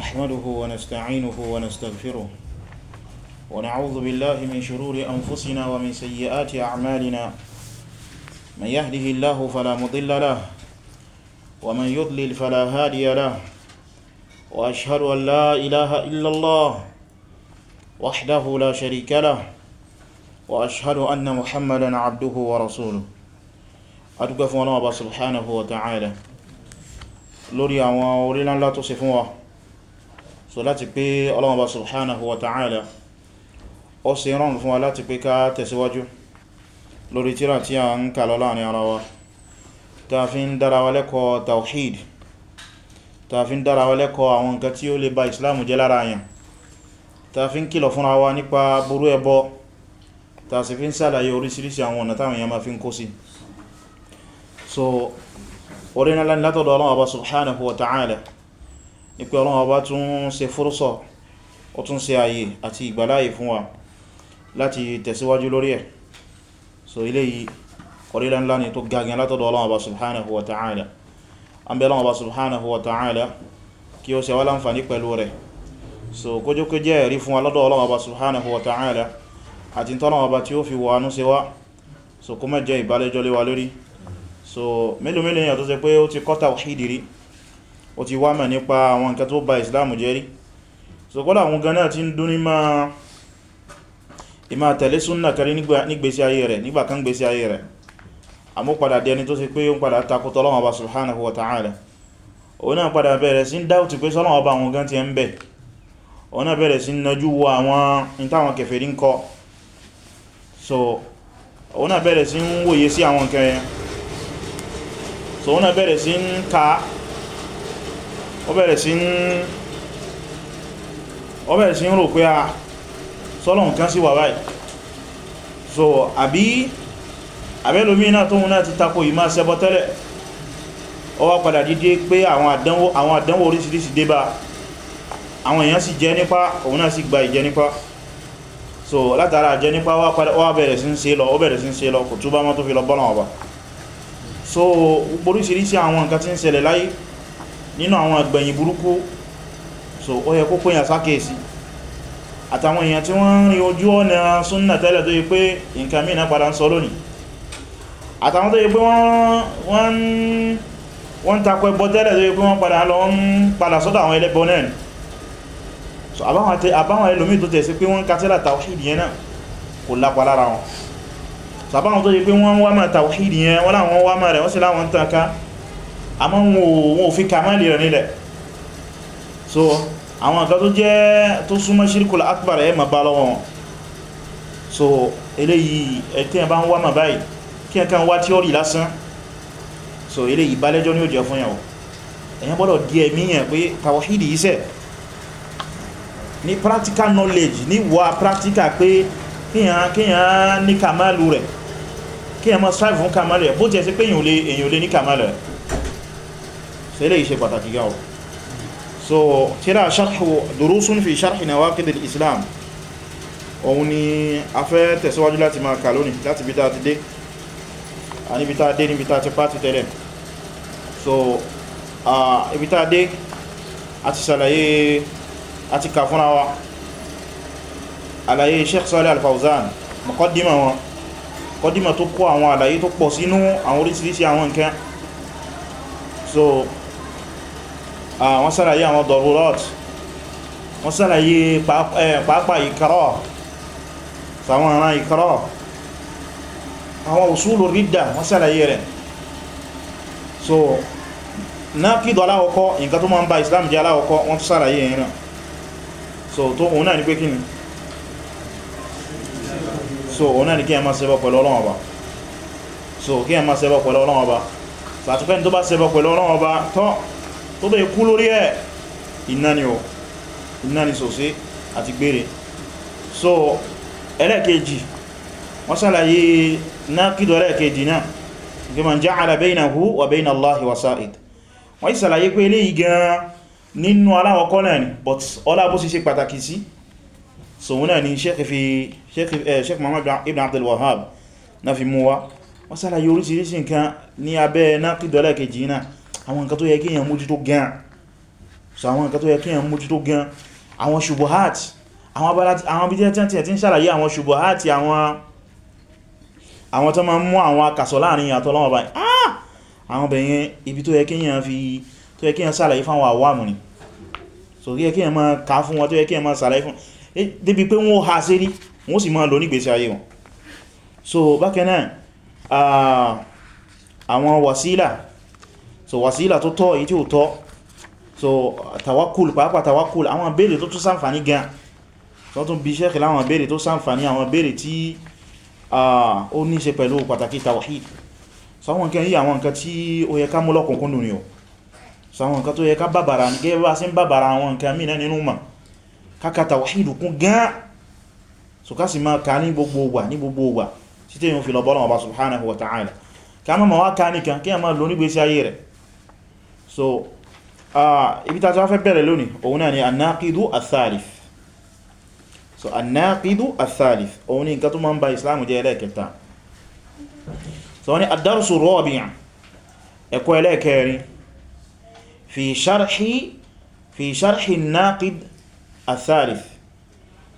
نحمده ونستعينه ونستغفره ونعوذ بالله من شرور أنفسنا ومن سيئات أعمالنا من يهده الله فلا مضل له ومن يضلل فلا هادي له وأشهد أن لا إله إلا الله وحده لا شريك له وأشهد أن محمدا عبده ورسوله أتقف ونوبة سبحانه وتعالى لوريا ووريلا لا تصفوه so láti pé Ọlọ́run Ọba subhanahu wa ta'ala ó ṣe rán fún wa láti pé ká tẹ̀síwájú lórí tírà tí a ń kà lọ láàrin ara wa ta fi ń dára wa lẹ́kọ̀ọ́ tawhid ta fi ń dára wa lẹ́kọ̀ọ́ àwọn nǹkan tí ó lè ba islamu jẹ́ lára yẹn ta fi ń kìlọ̀ fúnra wa nípa burú ẹbọ ta sì fi ń sàlàyé oríṣiríṣi àwọn ọ̀nà táwọn èèyàn ma fi ń kó sí so orí náà látọ̀dọ̀ Ọlọ́run subhanahu wa ta'ala ní pé Ọlọ́run Ọba tún ṣe fúrúsọ̀ ó tún ṣe àyè àti ìgbàláyè fún wa láti tẹ̀síwájú lórí ẹ̀ so ilé yìí kọrílá ńlá ni tó gagan látọ̀dọ̀ Ọlọ́run Ọba subhanahu wa ta'ala an bẹ Ọlọ́run subhanahu wa ta'ala kí ó ṣe wá láǹfàní pẹ̀lú rẹ̀ so kójó kó jẹ́ ẹ̀rí fún alọ́dọ̀ Ọlọ́run Ọba subhanahu wa ta'ala àti tọ́lọ́run Ọba tí ó fi wà nú sí wá so kó mẹ́jẹ ìbálẹ́jọ́ lé wa lórí so mélòó mélòó èèyàn tó ṣe pé ó ti kọ́ tàwhídì rí ó ti wá mà nípa àwọn nǹkan tó ba Islam jẹ́ rí so kọ́lá àwọn gan náà ti ń dún ní máa ìmá tẹ̀lé súnnà kẹrí nígbésí ayé rẹ̀ nígbà kan gbésí ayé rẹ̀ àmú padà di ẹni tó ṣe pé ó ń padà takótọ́ Ọlọ́run Ọba subhanahu wa ta'ala òun náà padà bẹ̀rẹ̀ sí ń dáútì pé sọ́lọ́run Ọba àwọn gan ti ń bẹ̀ òun náà bẹ̀rẹ̀ sí ń nájú wo àwọn ìtàwọn so òun náà bẹ̀rẹ̀ ka ó bẹ̀rẹ̀ sí ń rò pé a sọ́lọ̀ nǹkan sí wà báyìí so àbí àbẹ́lómí náà tóhun náà ti tako ìmá ṣẹbọ tẹ́lẹ̀ ó wá padà dídé pé àwọn àdánwò àwọn dé bá àwọn èèyàn sì jẹ nípa òun náà sì gba ìjẹ nípa so látara jẹ nípa wá bẹ̀rẹ̀ sí ń lọ ó bẹ̀rẹ̀ sí ń lọ kò túbá mọ́ tó fi lọ bọ́nà ọba so oríṣiríṣi àwọn nǹkan tí ń ṣẹlẹ̀ láyé nínú àwọn àgbẹ̀yìn burúkú so ó yẹ kó pèyàn sákèsí àtàwọn èèyàn tí wọ́n rí ojú ọ̀nà súnnà tẹ́lẹ̀ tó yí pé nǹkan mìíràn padà ń sọ lónìí àtàwọn tó yí pé wọ́n takọ ẹbọ tẹ́lẹ̀ tó yí pé wọ́n padà lọ ń padà sọ́dọ̀ àwọn ẹlẹ́bọ náà so àbáwọn ẹlòmí tó tẹ̀sí pé wọ́n kátẹ́lá tàwíìdì yẹn náà kò lápa lára wọn so àbáwọn tó yí pé wọ́n wá máa tàwíìdì yẹn àmọ́ wọn ò fi kàmálì rẹ̀ nílẹ̀ so àwọn nǹkan tó jẹ́ tó súnmọ́ ṣírkùl akbar ẹ ma bá lọ́wọ́ wọn so eléyìí ẹ̀tẹ́ bá ń wá mà báyìí kí ẹ kan wá tíọ́rì lásán so eléyìí ìbálẹ́jọ́ ní ó jẹ́ fún yàwó èyàn gbọ́dọ̀ di ẹ̀mí yẹn pé tàwọ̀hídì iṣẹ́ ní practical knowledge ní wà practical pé kíyàn ní kàmálù rẹ̀ kíyàn mọ́ strive fún kàmálù rẹ̀ bó jẹ́ sí pé èyàn ò lè ní kàmálù rẹ̀ sẹ́lẹ̀ iṣẹ́ pàtàkì gáwọ̀ so tíra durusun fi sharhi nawaqid al-islam òun ni a fẹ́ tẹ̀síwájú láti máa kà lónìí láti bí dáti dé a níbi tá dé níbi tá ti pàtì tẹ́lẹ̀ so ibi tá dé a ti sàlàyé a ti kà fúnra wa àlàyé Sheikh Salih Al-Fawzan mọ̀kọ́dímọ̀ wọn kọ́dímọ̀ tó kó àwọn àlàyé tó pọ̀ sínú àwọn orísìírísìí àwọn nǹkan so Ah, wọ́n sàlàyé àwọn dọ̀rọ̀t wọ́n sàlàyé pàápàá ìkọ́rọ̀ sàwọn ará ìkọ́rọ̀ àwọn òsúlù rídà wọ́n sàlàyé rẹ̀ so náà kí dọ̀ aláwọ̀kọ́ nǹkan tó máa ń ba Islam jẹ́ aláwọ̀kọ́ wọ́n tó sàlàyé yẹn so tó òun náà ní pé kíni so òun náà ní kí ẹ máa ṣẹbọ pẹ̀lú Ọlọ́run Ọba so kí ẹ máa ṣẹbọ pẹ̀lú Ọlọ́run Ọba sàtúfẹ́ni tó bá ṣẹbọ pẹ̀lú Ọlọ́run Ọba tán tó bẹ̀ kú lórí ẹ̀ iná ni ọ̀ iná ni sòsí àti gbére so ẹlẹ́kejì wọ́n sàlàyé nákìdọ̀ ẹlẹ́kejì náà kí man ja'ala baynahu wa bayna Allahi wasa'id wọ́n yí sàlàyé pé ilé ìgan nínú aláwọ̀kọ́ náà sí sòun náà eh, ní abẹ́ nákìdọ̀ ẹlẹ́kejì náà àwọn nǹkan tó yẹ kí èyàn mójútó gan so àwọn nǹkan tó yẹ kí èyàn mójútó gan àwọn ṣubuhat àwọn abala àwọn bí jẹ́ tí ń ṣàlàyé àwọn ṣubuhat àwọn àwọn tó ma mú àwọn akàsọ̀ láàrin àtọ́ lọ́wọ́ báyìí ah àwọn bẹ̀yẹn ibi tó yẹ kí èyàn fi tó yẹ kí èyàn ṣàlàyé fáwọn àwàmù ni so yẹ kí èyàn máa kà fún wọn tó yẹ kí èyàn máa ṣàlàyé fún débi pé wọ́n so bákan náà ah, àwọn wàsílà so wasila tó tọ́ èyí tí ó tọ́ so tawakul pàápàá tawakul àwọn béèrè tó tún ṣàǹfààní gan tó tún bí Sheikh láwọn béèrè tó ṣàǹfààní àwọn béèrè tí ó ní ṣe pẹ̀lú pàtàkì tawhid so àwọn nǹkan yí àwọn nǹkan tí ni o so àwọn nǹkan tó yẹ ká bàbàrà ní gẹ́gẹ́ bá sí ń bàbàrà àwọn nǹkan so ká sì máa ka ní gbogbo wà ní gbogbo wà sí fi lọ bọ́lọ̀ ọba subhanahu wa ta'ala ká mọ́ ma wá ká nìkan kí a máa lò nígbésí ayé rẹ̀ so uh, ibi ta ta fẹ́ bẹ̀rẹ̀ lónìí òun náà ni annaqidu athalif so annaqidu athalif òun ni nǹkan tó máa ń ba islam jẹ́ ẹlẹ́ẹ̀kẹta so ni ad-darsu ar-rabi' ẹ̀kọ́ ẹlẹ́ẹ̀kẹrin fi sharhi fi sharhi an-naqid athalif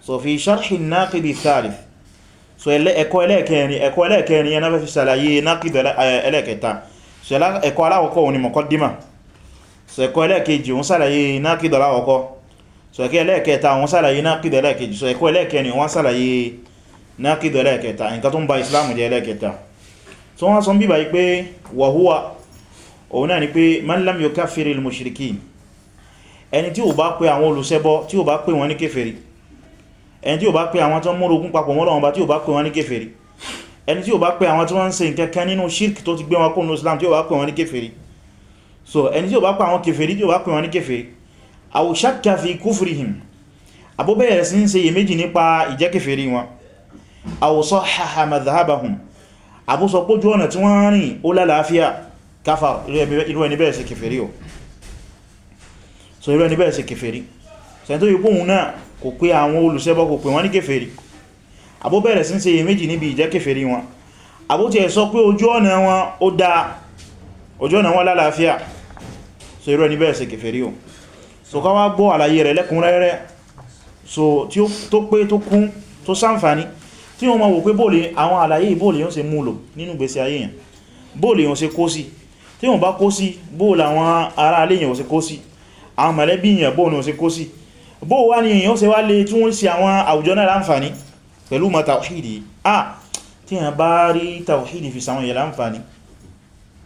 so fi sharhi an-naqid athalif so ẹ̀kọ́ ẹlẹ́ẹ̀kẹrin ẹ̀kọ́ ẹlẹ́ẹ̀kẹrin yana fẹ́ fi ṣàlàyé naqid ẹlẹ́ẹ̀kẹta so ẹ̀kọ́ aláwọ̀kọ́ òun ni muqaddima so ẹ̀kọ́ ẹlẹ́ẹ̀kejì wọ́n sàlàyé nákìdà láwọ́kọ́ so ẹ̀kọ́ ẹlẹ́ẹ̀kẹta wọ́n sàlàyé nákìdà ẹlẹ́ẹ̀kejì so ẹ̀kọ́ ẹlẹ́ẹ̀kẹni wọ́n sàlàyé nákìdà ẹlẹ́ẹ̀kẹta nǹkan ba Islam jẹ́ ẹlẹ́ẹ̀kẹta so wọ́n sọ ń bíbà yí pé wàhúwa òun náà ni pé man lam yukaffir al-mushrikin ẹni tí ò bá pé àwọn olùṣẹbọ tí ò bá pé wọn ní kèfèrí ẹni tí ò bá pé àwọn tó ń múrò ogun papọ̀ nínú shirk tó ti gbé wọn kó nínú Islam tí ò bá pé wọn ní kèfèrí so ẹni tí ó bá pa àwọn kèfèrí tí ó bá pè wọn ní kèfèrí aw shakka fi kufrihim abúbẹ̀rẹ̀ sí ń ṣe iyèméjì nípa ìjẹ́ kèfèrí wọn aw sahhaha madhhabahum àbúsọ pójú ọ̀nà tí wọ́n rìn ó lálàáfíà káfà irú ẹni bẹ́ẹ̀ ṣe kèfèrí o so irú ẹni bẹ́ẹ̀ ṣe kèfèrí sẹ́yìn tó yípo òun náà kò pé àwọn olùṣẹbọ kò ojú ọ̀nà ojú ọ̀nà wọn lálàáfíà so irú ẹni bẹ́ẹ̀ ṣe kèfèrí o so ká wá gbọ́ àlàyé rẹ̀ lẹ́kùnrẹ́rẹ́ so tí ó tó pé tó kún tó ṣàǹfààní tí wọ́n ma wò pé bóòlì àwọn àlàyé bóòlì yóò ṣe múlò nínú gbésí ayé yẹn bóòlì yóò ṣe kó sí tí wọ́n bá kó sí bóòlì àwọn ará alé yẹn ò ṣe kó sí àwọn mọ̀lẹ́bí yẹn bóòlì ò ṣe kó sí bóò wá ní èyàn ṣe wá lè tí wọ́n ṣe àwọn àwùjọ náà láǹfààní pẹ̀lú ma tàwíìdì ah tí yẹn bá rí tàwíìdì fi sàwọn yẹn láǹfààní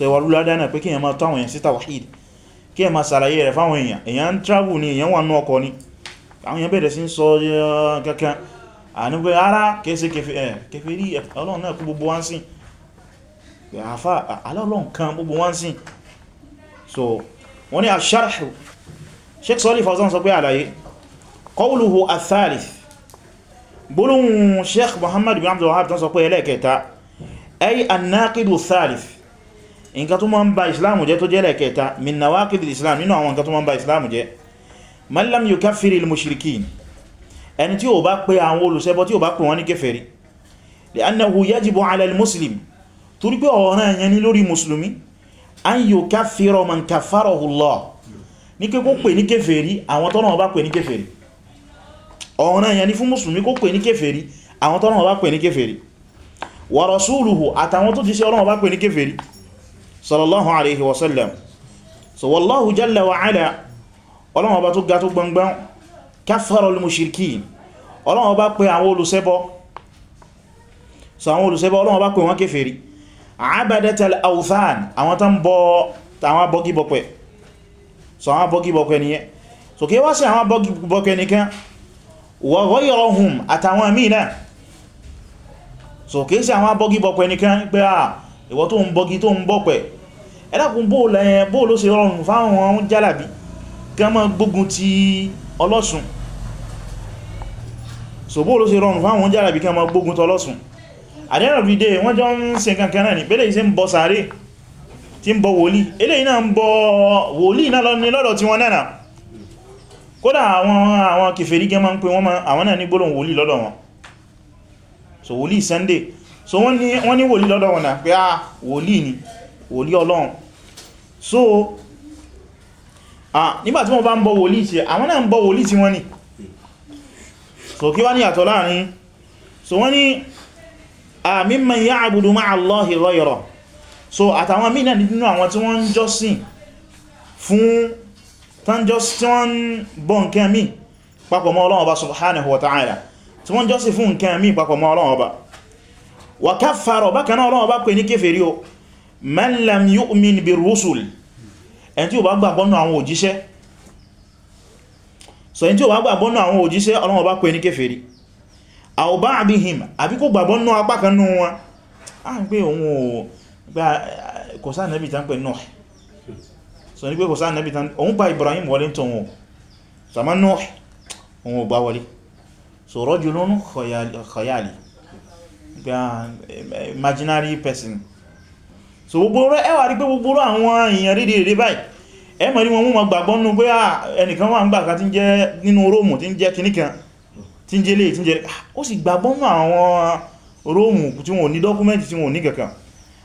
so ìwà lúládánà pé kíyàn máa táwọn èèyàn sí tawhid kíyàn máa sàlàyé rẹ̀ fáwọn èèyàn èèyàn ń travel ni èèyàn wà ní ọkọ̀ ni àwọn èèyàn bẹ̀rẹ̀ sí ń sọ eh, kankan àníwẹ̀ ara kẹsẹ̀ kẹfẹ̀rí eh, eh, ọlọ́run náà kú gbogbo wá ń àfá alọ́lọ́run so wọ́n ni àṣàrù Shaykh Saalih Fawzān sọ pé àlàyé qawluhu ath-thālith gbólóhùn Shaykh Muhammad bin Abdul Wahhab tán sọ pé ẹlẹ́ẹ̀kẹta ay an-nāqidu ath nǹkan tó máa ń ba islam jẹ́ tó jẹ́ lẹ́kẹta min nawaqid islam nínú àwọn nǹkan tó máa ń ba islam jẹ́ man lam yukaffir al-mushrikin ẹni tí ó bá pè àwọn olùṣẹbọ tí ó bá pè wọ́n ní kèfèrí li'annahu yajibu 'ala al-muslim torí pé ọ̀ranyàn ni lórí mùsùlùmí an yukaffira man kaffarahu Allah ní kí kó pè ní kèfèrí àwọn tọ́nà ọba pè ní kèfèrí ọ̀ranyàn ni fún mùsùlùmí kó pè ní kèfèrí àwọn tọ́nà ọba pè ní kèfèrí wa rasuluhu àtàwọn tó ti ṣe Ọlọ́run ọba pè ní kèfèrí sallallahu alaihi wasallam so wallahu jalla wa ala ọlọ́wọ́ bá tó ga tó gbangban kafarul mushrikin ọlọ́wọ́ bá pè àwọn olùṣẹbọ so àwọn olùṣẹbọ ọlọ́wọ́ bá pè wọ́n kèfèrí abadatal awthan àwọn tán bọ àwọn bọ́gibọ̀pẹ̀ so àwọn bọ́gibọ̀pẹ̀ nìyẹn so kí wá sí àwọn bọ́gibọ̀pẹ̀ nìkan wa ghayrahum àtàwọn mìíràn so kí sí àwọn bọ́gibọ̀pẹ̀ nìkan pé à ah, ìwọ tó ń bọ́gi tó ń bọ́pẹ̀ ẹ̀dàkùn bóò ló ṣe rọrùn fáwọn jálàbí kán má gbógun ti ọlọ́sùn so bóò ló ṣe rọrùn fáwọn jálàbí kán má gbógun ti ọlọ́sùn at the end of the day wọ́n jọ ń ṣe kankan náà ní pẹ́lẹ̀ iṣẹ́ ń bọ sàárè tí ń bọ wòlí eléyìí náà ń bọ wòlí náà lọ ní lọ́dọ̀ tí wọ́n náà kódà àwọn àwọn kèfèrí gẹ́mọ́ ń pè wọ́n àwọn náà ní gbólóhùn wòlí lọ́dọ̀ wọn so wòlí Sunday so wọ́n ní wòlí lọ́dọ̀ wọn náà pé a ah, wòlí ni wòlí ọlọ́run so ah, nígbàtí wọ́n bá ń bọ wòlí tí àwọn náà ń bọ wòlí tí wọ́n ní so kí wá ní àtọ̀ láàrin so wọ́n ní a ah, mimman ya'budu ma'a Allahi ghayra so àtàwọn mí náà nínú àwọn tí wọ́n ń jọ́sìn fún tán jọ́sìn bọ́ nǹkan mí papọ̀ mọ́ Ọlọ́run Ọba subhanahu wa ta'ala tí wọ́n jọ́sìn fún nǹkan mí papọ̀ mọ́ Ọlọ́run Ọba wa kaffaro bákan náà Ọlọ́run bá pè ní kèfèrí o man lam yu'min bir rusul ẹni tí ó bá gbàgbọ́ nínú àwọn òjíṣẹ́ so ẹni tí ó bá gbàgbọ́ àwọn òjíṣẹ́ Ọlọ́run bá pè ní kèfèrí aw ba'dihim àbí kò gbàgbọ́ apá kan ní imaginary person so gbogbo rẹ̀ ẹwà rí pé gbogbo rẹ̀ àwọn èèyàn rí rí báyìí ẹ mọ̀ rí wọn mú ma gbàgbọ́ nínú pé ah, ẹnìkan wà ń gbà ká tí ń jẹ́ nínú róòmù tí ń jẹ́ kìníkan tí ń jẹ́ lè tí ń jẹ́ ah, ó sì gbàgbọ́ nínú àwọn róòmù tí wọn ò ní dọ́kúmẹ́ntì tí wọn ò ní kankan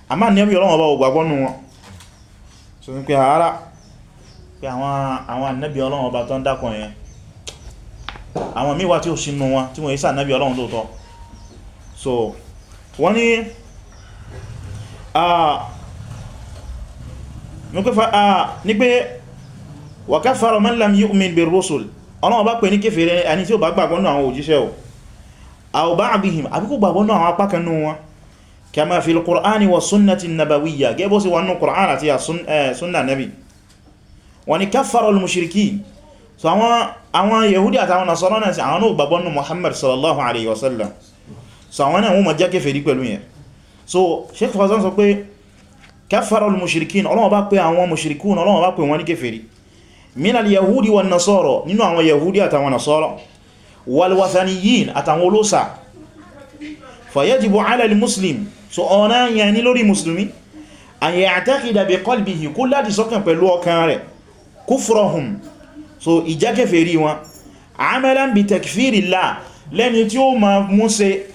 a máa ní ọbí ọlọ́wọ́ bá gbàgbọ́ nínú wọn so ní pé ara wọ́n ni ní pé wa kafara man lam yu'min bir rusul ọlọ́wọ́ bá pè ní kéfèrè ẹni tí ó bá gbàgbọ́ náà àwọn òjíṣẹ́ ò aw ba'dihim àbí kò gbàgbọ́ náà àwọn apákanú wọn kama fil qur'ani wa sunnati nabawiyya gẹ́bọ́ sí wọn náà sí àwọn náà so àwọn náà wọ́n ma pẹ̀lú yẹn so Shaykh Fawzān sọ pé kafara al-mushrikīn Ọlọ́run bá pé àwọn mushrikūn Ọlọ́run bá pé wọ́n ní kèfèrí min al-yahudi wan-nasara nínú àwọn yahudi àtàwọn nasara wal-wathaniyyin àtàwọn olósà fayajibu ala muslim so ọ̀nà yẹn ni lórí musulmi an ya'taqida bi qalbihi kó láti sọ́kàn pẹ̀lú ọkàn rẹ̀ kufrahum so ìjákèfèrí wọn amalan bi takfirillah lẹ́ni tí ó ma mú ṣe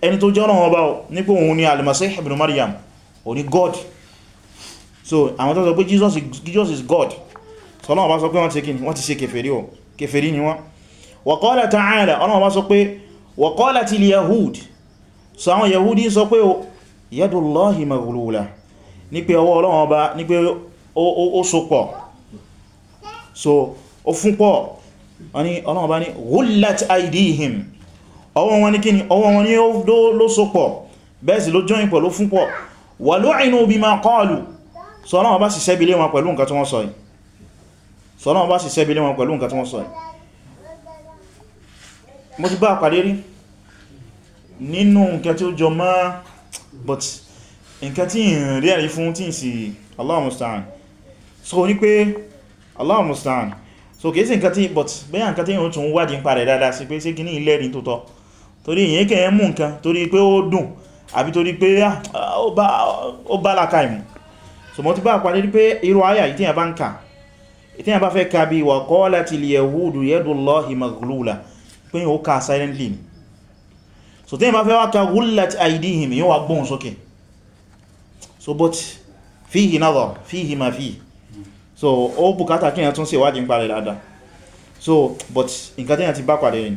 ẹni tó jọ́nà wọn bá nípò òun ni al ibn Maryam o ni God so àwọn tó sọ pé Jesus is, God so ọlọ́wọ́ bá sọ pé wọ́n ti kíni wọ́n ti ṣe kèfèrí o kèfèrí ni wọ́n wa qala ta'ala ọlọ́wọ́ bá sọ pé wa qalatil yahud so àwọn yahudi sọ pé o yadullahi maghlula ní pé ọwọ́ ọlọ́wọ́ bá ní pé ó so pọ̀ so ó fún pọ̀ ọlọ́wọ́ bá ní ghullat aydihim ọwọ́ wọn ní kíni ọwọ́ wọn ní ló sopọ̀ bẹ́ẹ̀ sì ló jọyìn pọ̀ ló fún pọ̀ wà lu'inu bima qalu sọ́lọ́wọ́ bá sì sẹ́bílé wọn pẹ̀lú nǹkan tí wọ́n sọ yìí sọ́lọ́wọ́ bá sì sẹ́bílé wọn pẹ̀lú nǹkan tí wọ́n sọ yìí mo ti bá pàdé rí nínú nǹkan tí ó jọ mọ́ but nǹkan tí ń rí ẹ̀rí fún tí ń sì Allahu musta'an so ní pé Allahu musta'an so kìí sí nǹkan tí but bẹ́yà nǹkan tí ó tún wádìí ń parẹ̀ dáadáa sí pé sí kí ní ilẹ́rìí tó tọ́ torí ìyẹn kẹ́ mú nǹkan torí pé ó dùn àbí torí pé ah, ó bá láka ìmú ṣùgbọ́n tí bá pàdé pé irú ayà ìtíyàn bá ń kà ìtíyàn bá fẹ́ ka bí wa qalatil yahudu yadullahi maghlula pé ó ka silently ni so tí bá fẹ́ wá ka ghullat aydihim wà gbóhùn sókè so but fihi ma fihi so ó bùkátà kí èyàn tún ṣe ìwádìí so but nǹkan tí èyàn ti bá pàdé ni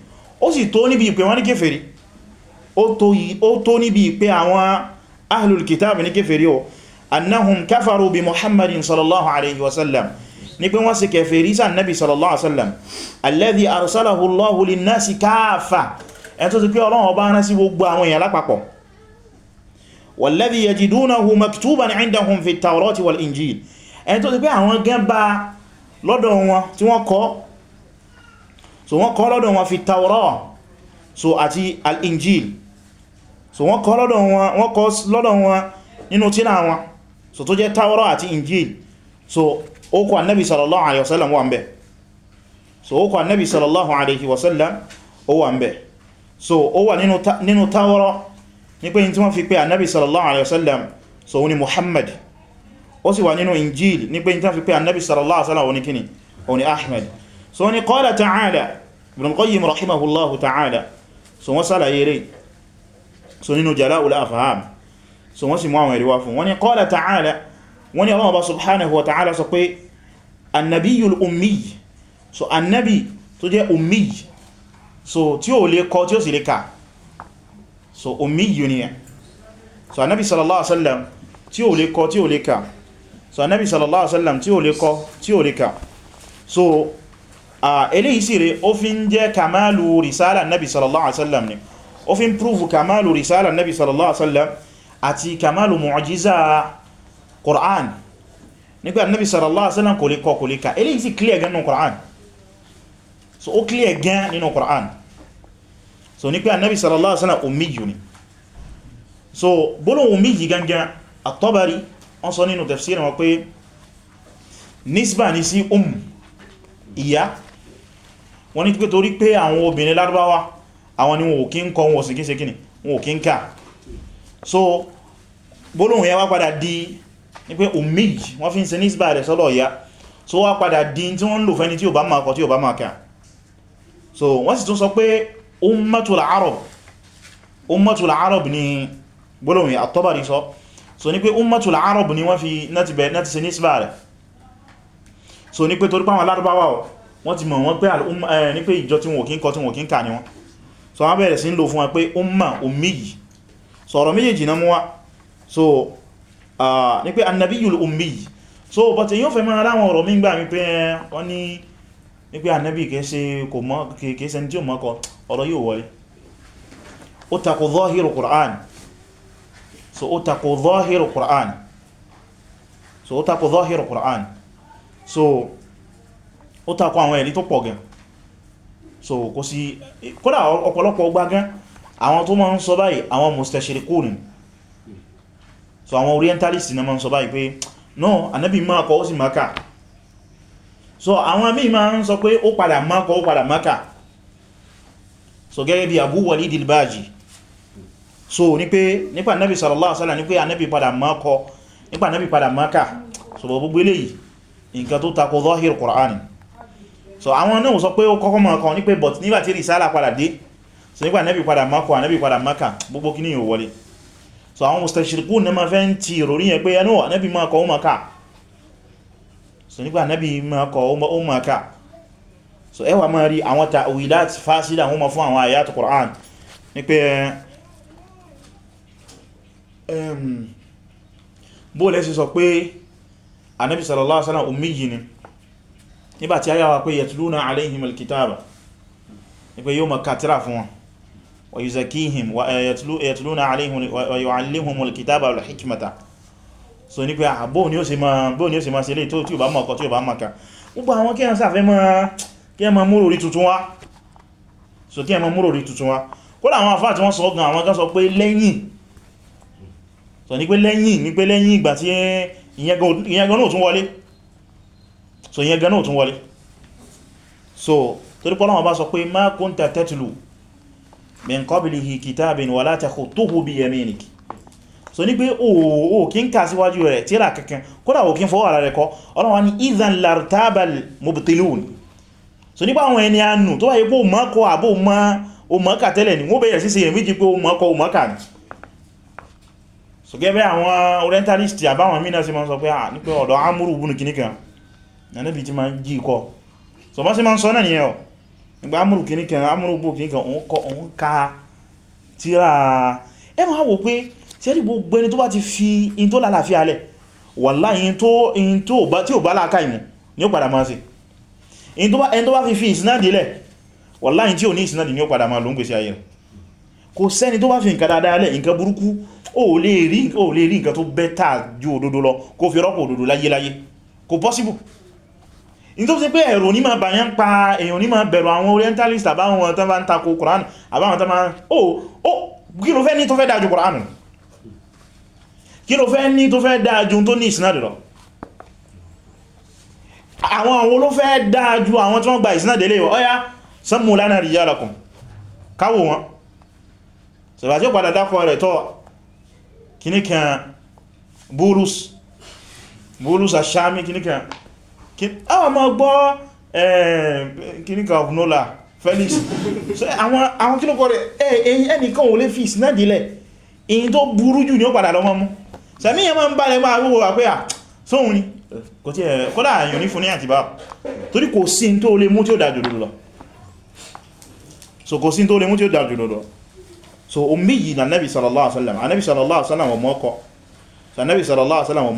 ó sì tó níbi ìpè wọ́n ní kéfèrí ó tó níbi ìpè àwọn ahlul kitab ní kéfèrí o annahum kafaru bi muhammadin sallallahu alaihi wasallam ní pé wọ́n ṣe kèfèrí sí annabi sallallahu alaihi wasallam alladhi arsalahu allahu linnasi kafa ẹn tó ti pé ọlọ́run ọba rán sí gbogbo àwọn èèyàn lápapọ̀ walladhi yajidunahu lọ́dọ̀ wọn tí wọ́n kọ́ so wọ́n kọ́ lọ́dọ̀ wọn fi Tawrah so àti al-Injil so wọ́n kọ́ lọ́dọ̀ wọn wọ́n kọ́ lọ́dọ̀ wọn nínú tírà wọn so tó jẹ́ Tawrah àti Injil so ó kọ annabi sallallahu alaihi wasallam wà ń bẹ̀ so ó kọ annabi sallallahu alaihi wasallam ó wà ń bẹ̀ so ó wà nínú Tawrah ní pé yí tí wọ́n fi pé annabi sallallahu alaihi wasallam so ó Muhammad ó sì wà nínú Injil ní pé yí tí wọ́n fi pé annabi sallallahu alaihi wasallam ó ní kíni ó so ó qala ta'ala Ibn Qayyim rahimahullahu ta'ala so wọ́n sálàyé rẹ̀ so nínú Jala'ul Afham so wọ́n sì mú àwọn ìrìwá fún wọ́n ni qala ta'ala wọ́n ni Allah subhanahu wa ta'ala sọ pé annabiyul ummi so annabi tó jẹ́ ummi so tí ó lè kọ tí ó sì lè kà so ummi yuniya so eléyìí sí rẹ̀ ó fi ń jẹ́ kamalu risala nabi sallallahu alaihi wasallam ni ó fi ń prúfù kamalu risala nabi sallallahu alaihi wasallam àti kamalu mu'jiza Qur'an nígbà nabi sallallahu alaihi wasallam kò lè kọ kò lè ka eléyìí sí clear gan nínú Qur'an so ó clear gan nínú Qur'an so nígbà nabi sallallahu alaihi wasallam ummiyu ni so bọ́lọ̀ ummiyu gangan at wọ́n sọ nínú tafsir wọn pé nisba ni sí um ìyá wọ́n ní pé torí pé àwọn obìnrin lárúbáwá àwọn ni wọn ò kí ń kọ wọn sì kí ṣe kíni kí ń kà so gbólóhùn yẹn wá padà di ní pé omij wọ́n fi ń ṣe nísbà rẹ̀ sọ́dọ̀ ìyá so wá padà di tí wọ́n ń lò fẹ́ni tí ò bá máa kọ tí ò bá máa kà so wọ́n sì tún sọ pé ummatul arab ni gbólóhùn yẹn àtọ́bàrí sọ so ní pé ummatul arab ni wọ́n fi náti ṣe nísbà rẹ̀ so ní pé torípáwọn wọ́n ti mọ̀ wọ́n pé ní pé ìjọ tí wọ́n kí ń kọ tí wọ́n kí ń kà ní wọ́n so wọ́n bẹ̀rẹ̀ sí ń lò fún wọn pé umma ummi yìí so ọ̀rọ̀ méjèèjì na mú wá so ní pé annabiyul ummi yìí so but èyàn fẹ́ máa ráwọn ọ̀rọ̀ mígbà mi pé wọ́n ní ní pé annabi kẹsẹ tí ó mọ́kọ ọ̀rọ̀ yóò wọlé ó takò zọ́hìrù Qur'an so ó takò zọ́hìrù Qur'an so ó takò zọ́hìrù Qur'an so ó takọ àwọn ẹ̀rí tó pọ̀ gan so kò sí kódà ọ̀pọ̀lọpọ̀ ọgbà gan àwọn tó máa ń sọ báyìí àwọn mustashirikun so àwọn orientalist na máa ń sọ báyìí pé no anabi máa kọ ó sì máa kà so àwọn míì máa ń sọ pé ó padà máa ó padà máa so gẹ́gẹ́ bí Abu Walid al so ní pé nípa anabi sallallahu alaihi wasallam ní pé anabi padà máa nípa anabi padà máa kà so gbogbo eléyìí nǹkan tó takò zahir Qur'an so àwọn náà sọ pé ó kọ́kọ́ mọ̀ kan ní pé but nígbà tí risala padà dé so nígbà nẹ́bì padà mako ànẹ́bì padà maka gbogbo kí ní yóò wọlé so àwọn mustashriku ní ma fẹ́ ń ti ìròrí yẹn pé ẹnu ànẹ́bì mako ó maka so nígbà ànẹ́bì mako ó maka so ẹwà máa rí àwọn ta'wilat fásídà wọ́n ma fún àwọn ayat Qur'an ní pé bóòlẹ́ sì sọ pé ànẹ́bì sallallahu alaihi wasallam ummi ni nígbàtí ayá wa pé yatluna alayhim alkitaba pé yóò máa ka tírà fún wọn wa yuzakihim wa yatluna alayhim wa yuallimuhum alkitaba wal hikmata so ní pé àbó ah, ni ó ṣe máa ṣe lè tó tí ò bá mọ̀ ọkọ̀ tí ò bá mọ̀ ká gbogbo àwọn kí ẹ sáfẹ́ máa kí ẹ so yẹn gan náà tún wọlé so torí pé Ọlọ́run bá sọ pé ma kunta tatlu min qablihi kitabin wala takhutuhu bi yaminik so ní pé o kí ń kà síwájú rẹ̀ tírà kankan kódà o kí ń fọwọ́ ara rẹ̀ kọ so nípa àwọn ẹni ànù tó wáyé pé o mọ́ kọ àbó ni wọ́n bẹ̀rẹ̀ sí ṣe èméjì pé o mọ́ so gẹ́gẹ́ àwọn orientalist àbáwọn mínà sí mọ́ sọ pé à ní pé ọ̀dọ̀ amúrù búnukì nìkan ànábì tí ma ń jí ikọ́ so bá sí ma ń sọ náà nìyẹn ọ̀ nígbà amúrù kìíní kan amúrù gbò kìíní kan òun kọ òun ka tíra ẹ ma wò pé tí ẹ̀rì gbogbo ẹni tó bá ti fi in tó lálàáfíà lẹ̀ wàláhì in tó tí ò bá láàká ni ó padà máa ṣe in tó bá fi fi ìsinádì lẹ̀ wàláhì tí ò ní ìsinádì ni ó padà máa ló ń gbèsè ayé kò sẹ́ni tó bá fi nǹkan dáadáa lẹ̀ nǹkan burúkú ó lè rí nǹkan tó bẹ́tà ju òdodo lọ kó fi rọ́pò òdodo láyé láyé kò possible in tó ṣe pé ẹ̀rọ ní ma bàyán pa èyàn ní ma bẹ̀rù àwọn orientalist àbáwọn tán bá ń takò Kùránì àbáwọn tán bá ń oh oh kí ló fẹ́ ní tó fẹ́ dájú Kùránì kí ló fẹ́ ní tó fẹ́ dájú tó ní ìsinádì lọ àwọn àwọn ló fẹ́ dájú àwọn tí wọ́n gba ìsinádì lè ọya sammu lana rijalakum káwò wọn sẹ̀bàtí ó padà dákọ̀ rẹ̀ tọ́ kìníkan burus burus ashami kan a máa gbọ́ eh, kìníkà of nola Felix àwọn kí ló kọ́ rẹ̀ ẹnìkan ò lè fi ìsinádìílẹ̀ èyí tó burú jù ní ó padà lọ́mọ́ mú sẹ́mí yẹn máa ń bálẹ̀ máa wúwo àpẹ́ à sóhun ni kò tí ẹ̀ kọ́dà àyàn ní fún ní àti bá torí kò sí tó lè mú tí ó dájú lọ so kò sí tó lè mú tí ó dájú lọ so omi yìí na nabi sallallahu alaihi wasallam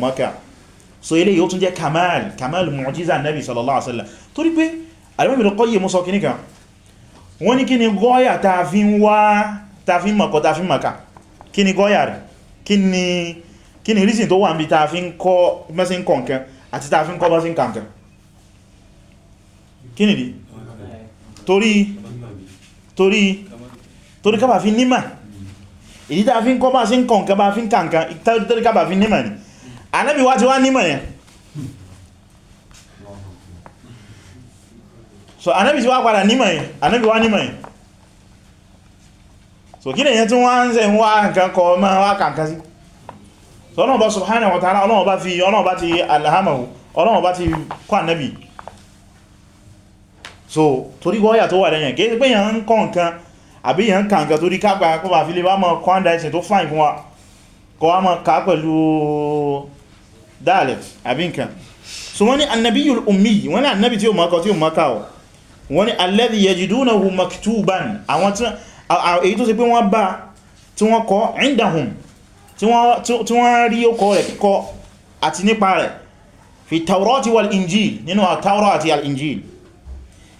so eléyìí ó tún jẹ́ kamal kamal mu'jiza nabi sallallahu alaihi wasallam torí pé alimọ́bìnrin kọ́ yìí mú sọ kìíní kan wọ́n ní kí ni gọ́yà ta fi ń wá ta fi ń mọ̀kọ́ ta fi ń mọ̀ká kí ni gọ́yà rẹ̀ kí ni kí ni reason tó wà ń bí ta fi ń kọ́ mẹ́sí ń kọ̀ nǹkan àti ta fi ń kọ́ bá sí kí ni ànábì wá ti wá nímọ̀ yẹn so ànábì ti wá padà nímọ̀ yẹn ànábì wá nímọ̀ yẹn so kí lèyàn tí wọ́n ń ṣe ń wá nǹkan kọ ma wá kàǹkan sí so ọlọ́run bá subhanahu wa ta'ala ọlọ́run bá fi ọlọ́run bá ti alhamahu ọlọ́run bá ti kọ́ ànábì so torí wọ́yà tó wà lẹ́yìn kéèsì pé yàn ń kọ́ nǹkan àbí yàn ń kàǹkan torí kápá kọ́ bá fi lè wá mọ́ kọ́ àndáìsìn tó fáìn fún wa kọ́ wá mọ́ ká pẹ̀lú dalib àbí nǹkan so wọ́n ní annabiyul ummi wọ́n ní annabi tí ó maka tí ó maka ọ̀ wọ́n ní alladhi yajidunahu maktuban àwọn tí èyí tó ṣe pé wọ́n bá tí wọ́n kọ indahum tí wọ́n rí ọkọ̀ rẹ̀ kíkọ àti nípa rẹ̀ fi taurati wal injil nínú àtaurọ àti al-injil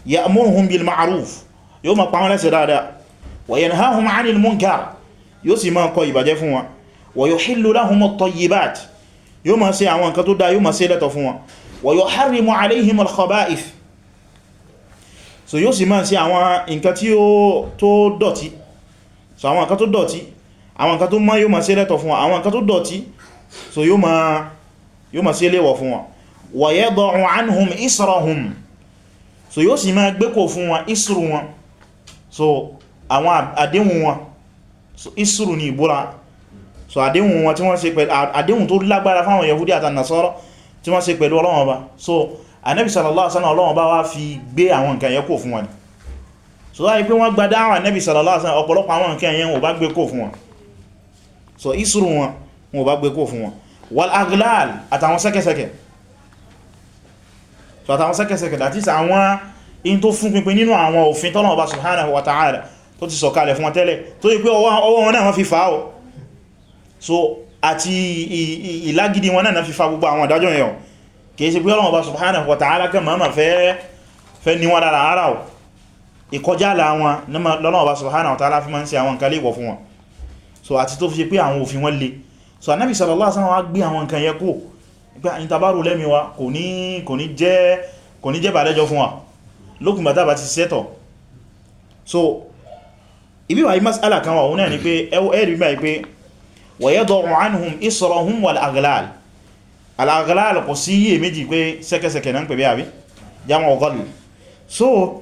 ya'muruhum bil ma'ruf yóò ma pàwọn lẹ́sẹ̀ dáadáa wa yanhahum 'anil munkar yóò sì máa kọ ìbàjẹ́ fún wa wa yuhillu lahum at-tayyibat yóò máa ṣe àwọn nǹkan tó dá yóò máa ṣe lẹ́tọ̀ fún wọn wa yuharrimu alayhim al-khaba'ith so yóò sì máa ṣe àwọn nǹkan tí ó tó dọ̀tí so àwọn nǹkan tó dọ̀tí àwọn nǹkan tó mọ́ yóò máa ṣe lẹ́tọ̀ fún wọn àwọn nǹkan tó dọ̀tí so yóò máa yóò máa ṣe léwọ̀ fún so yóò sì máa gbé kò fún wọn isru wọn so àwọn àdéhùn wọn so isru ni ìbúra so àdéhùn wọn tí wọ́n ṣe pẹ̀lú àdéhùn tó lágbára fáwọn yahudi àti tí wọ́n ṣe pẹ̀lú Ọlọ́run Ọba so Ànábì sallallahu alaihi wasallam Ọlọ́run Ọba fi gbé àwọn nǹkan yẹn so láì pé wọ́n gba dáhùn Ànábì sallallahu alaihi wasallam ọ̀pọ̀lọpọ̀ àwọn so isru wọn wọ́n bá gbé kò fún so àtàwọn sẹ́kẹsẹ́kẹ that is àwọn in tó fún pinpin nínú àwọn òfin tọ́lọ̀ Ọba subhanahu wa ta'ala tó ti sọ̀kalẹ̀ fún wọn tẹ́lẹ̀ tó yí pé ọwọ́ wọn náà fi fàá so àti ìlágídí wọn náà fi fa gbogbo àwọn ìdájọ́ yẹn kìí ṣe pé Ọlọ́run Ọba subhanahu wa ta'ala kan máa fẹ́ fẹ́ ní lára ara ọ̀ ìkọjá àlà wọn lọ́nà Ọba subhanahu wa ta'ala fi máa ń ṣe àwọn nǹkan léèwọ̀ fún wọn so àti tó fi ṣe pé so Ànábì sallallahu alaihi wasallam wá gbé àwọn nǹkan yẹn kó pé ìtàbárò lẹ́mi wa kò ní kò ní jẹ́ kò so ibi wà yí mas'ala kan wà òun náà ni pé ẹwọ́ ẹ̀rí báyìí ويضع عنهم إصرهم والأغلال الأغلال قصية ميجي كوي سكة سكة نانك بي أبي جمع غل so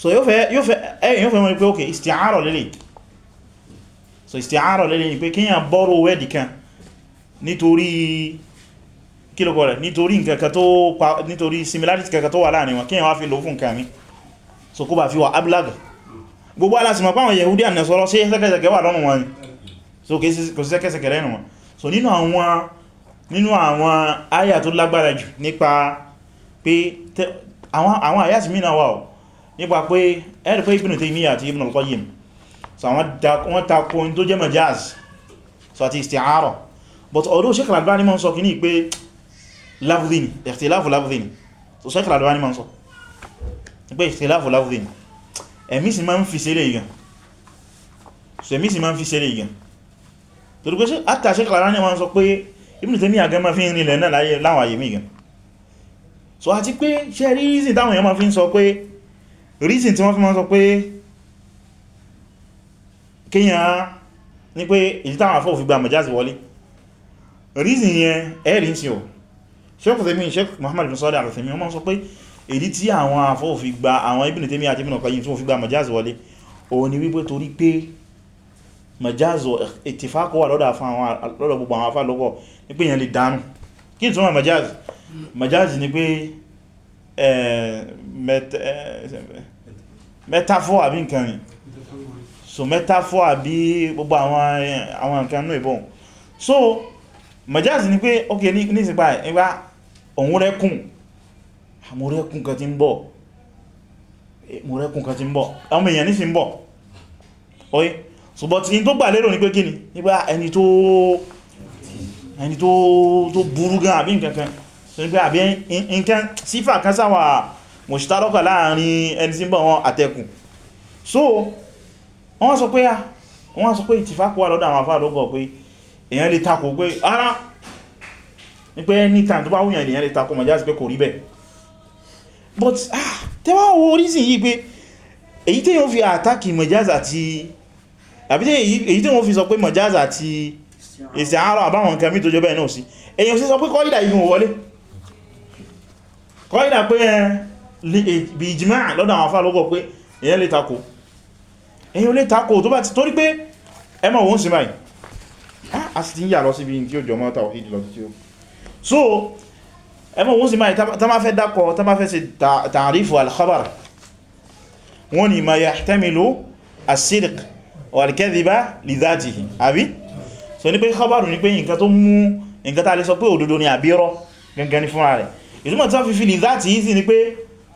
so yóò fẹ́ yóò fẹ́ ẹ̀yìn yóò fẹ́ mọ̀ ní pé ok isti'ara lélẹ̀ so isti'ara lélẹ̀ ni pé kíyàn bọ́rọ̀ wẹ́dì kan nítorí kílùkọ́ rẹ̀ nítorí nǹkankan tó nítorí similarity kankan tó wà gbogbo alásìmọ̀ pàwọn yẹ̀húdí ànàsọ́rọ̀ sí ṣẹ́kẹ́ṣẹ́kẹ́ wà lọ́nà wọn so kò sí ṣẹ́kẹ́ṣẹ́kẹ́ lẹ́nu wọn so nínú àwọn nínú àwọn àyà tó lágbára jù nípa pé àwọn àyà sí mìíràn wà ọ̀ nípa pé ẹ̀rì pé Ibn Taymiyyah àti Ibn al-Qayyim so àwọn takò tó jẹ́ majaz so àti isti'ara but although Shaykh al-Albani mọ́ sọ kìíní pé lafdhin ikhtilafu lafdhin so Shaykh al-Albani mọ́ sọ pé ikhtilafu lafdhin ẹ̀mí sì máa ń fi ṣeré igan so ẹ̀mí sì máa ń fi ṣeré igan torí pé àtàṣẹ́ kàrá ní wọ́n sọ pé Ibn Taymiyyah gan máa fi ń rìnlẹ̀ náà láwọn àyè mìígan so àti pé ṣe rí reason táwọn èèyàn máa fi ń sọ pé reason tí wọ́n fi máa sọ pé kíyàn ní pé ìdí táwọn afọ́ òfin gba mọ̀jáàsì wọlé reason yẹn ẹ̀rí sí ò Shaykh Uthaymeen Shaykh Muhammad bin Salih al wọ́n máa sọ pé èdí tí àwọn afọ́fí gba àwọn Ibn Taymiyyah àti Ibn Qayyim tí wọ́n fi gba majaz wọlé òun ni wípé torí pé majaz ìtìfàkọ́ wà lọ́dọ̀ gbogbo àwọn afá lọ́pọ̀ ní pé yẹn lè dánú kí n túnmọ̀ majaz majaz ni pé metaphor àbí nǹkan ni so metaphor àbí gbogbo àwọn nǹkan náà ìbọn so majaz ni pé ok ní ìsìnpá ẹgbá òun rẹ́kùn mọ̀rẹ́kùn kan ti ń bọ̀ mọ̀rẹ́kùn kan ti ń àwọn èèyàn ní sí ń bọ̀ oye ṣùgbọ́n tí ní tó gbà lérò ní pé kíni nígbà ẹni tó ẹni tó burú gan àbí nkankan so nígbà àbí nkan sífà kan sáwà mọ̀ṣítàrọ́kà láàrin ẹni tí bọ̀ wọn àtẹkùn so wọ́n sọ pé wọ́n sọ pé ìtìfàkọ́ wà lọ́dọ̀ àwọn afá lọ́gọ̀ pé èèyàn lè takò pé ara ní pé ní tàn tó bá wùyàn èèyàn but ah tẹwà wo reason yìí pé èyí tí yíò fi àtàkì mọ̀jáza àti àbí èyí tí wọ́n fi sọ pé mọ̀jáza àti ìsìnàárọ̀ àbáwọn nǹkan mí tó jọ bẹ́ẹ̀ náà sí èyí sí sọ pé kọ́ìdà yìí wọlé kọ́ìdà pé eh, eh, bí ìjìmá lọ́dọ̀ àwọn afá lọ́gọ́ pé èyàn lè takò èyàn lè takò tó bá ti torí pé ẹ mọ̀ wọ́n sí báyìí ah, ẹmọ wọ́n sì máa tán máa fẹ́ dákọ̀ tán máa fẹ́ sí tààrífù al-khabar wọ́n ni ma yahtamilu as-sidq wal-kadhiba li dhatihi àbí so ní pé khabaru ní pé nǹkan tó mú nǹkan tàà lè sọ pé òdodo ni àbírọ́ gangan ní fúnra rẹ̀ ìtumọ̀ tí wọ́n fi fi li dhatihi sí ni pé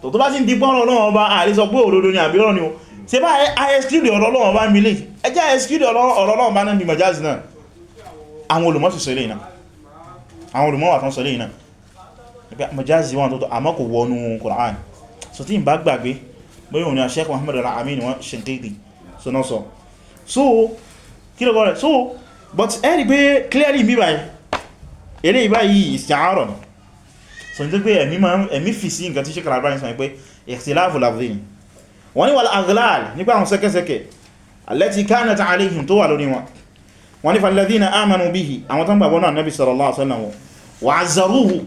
tó tó bá ti ń di pọ́nrọ̀ náà ọba à lè sọ pé òdodo ni àbírọ́ ni o ṣe bá exclude ọ̀rọ̀ Ọlọ́run bá mílé ẹjá exclude ọ̀rọ̀ Ọlọ́run bá náà bí majazi náà àwọn olùmọ̀ fi sọ majazi wọn tó àmọ́ kò wọnú Qur'an so tí n bá gbàgbé bóyí òní Sheikh Muhammad al-Amin wọn Shinqiti so náà sọ so kí lọ gọ́rẹ̀ so but ẹni pé clearly mi báyìí eré ìbáyìí isti'ara ni so n tó pé ẹ̀mí fi sí nǹkan tí Sheikh al-Albani sọ pé ikhtilafu lafdhin wọ́n ni wal aghlal nípa àwọn sẹ́kẹ́sẹ́kẹ́ allati kanat alayhim tó wà lórí wọn wọ́n ni fal ladhina amanu bihi àwọn tán gbàgbọ́ náà nabi sallallahu alaihi wasallam wa azzaruhu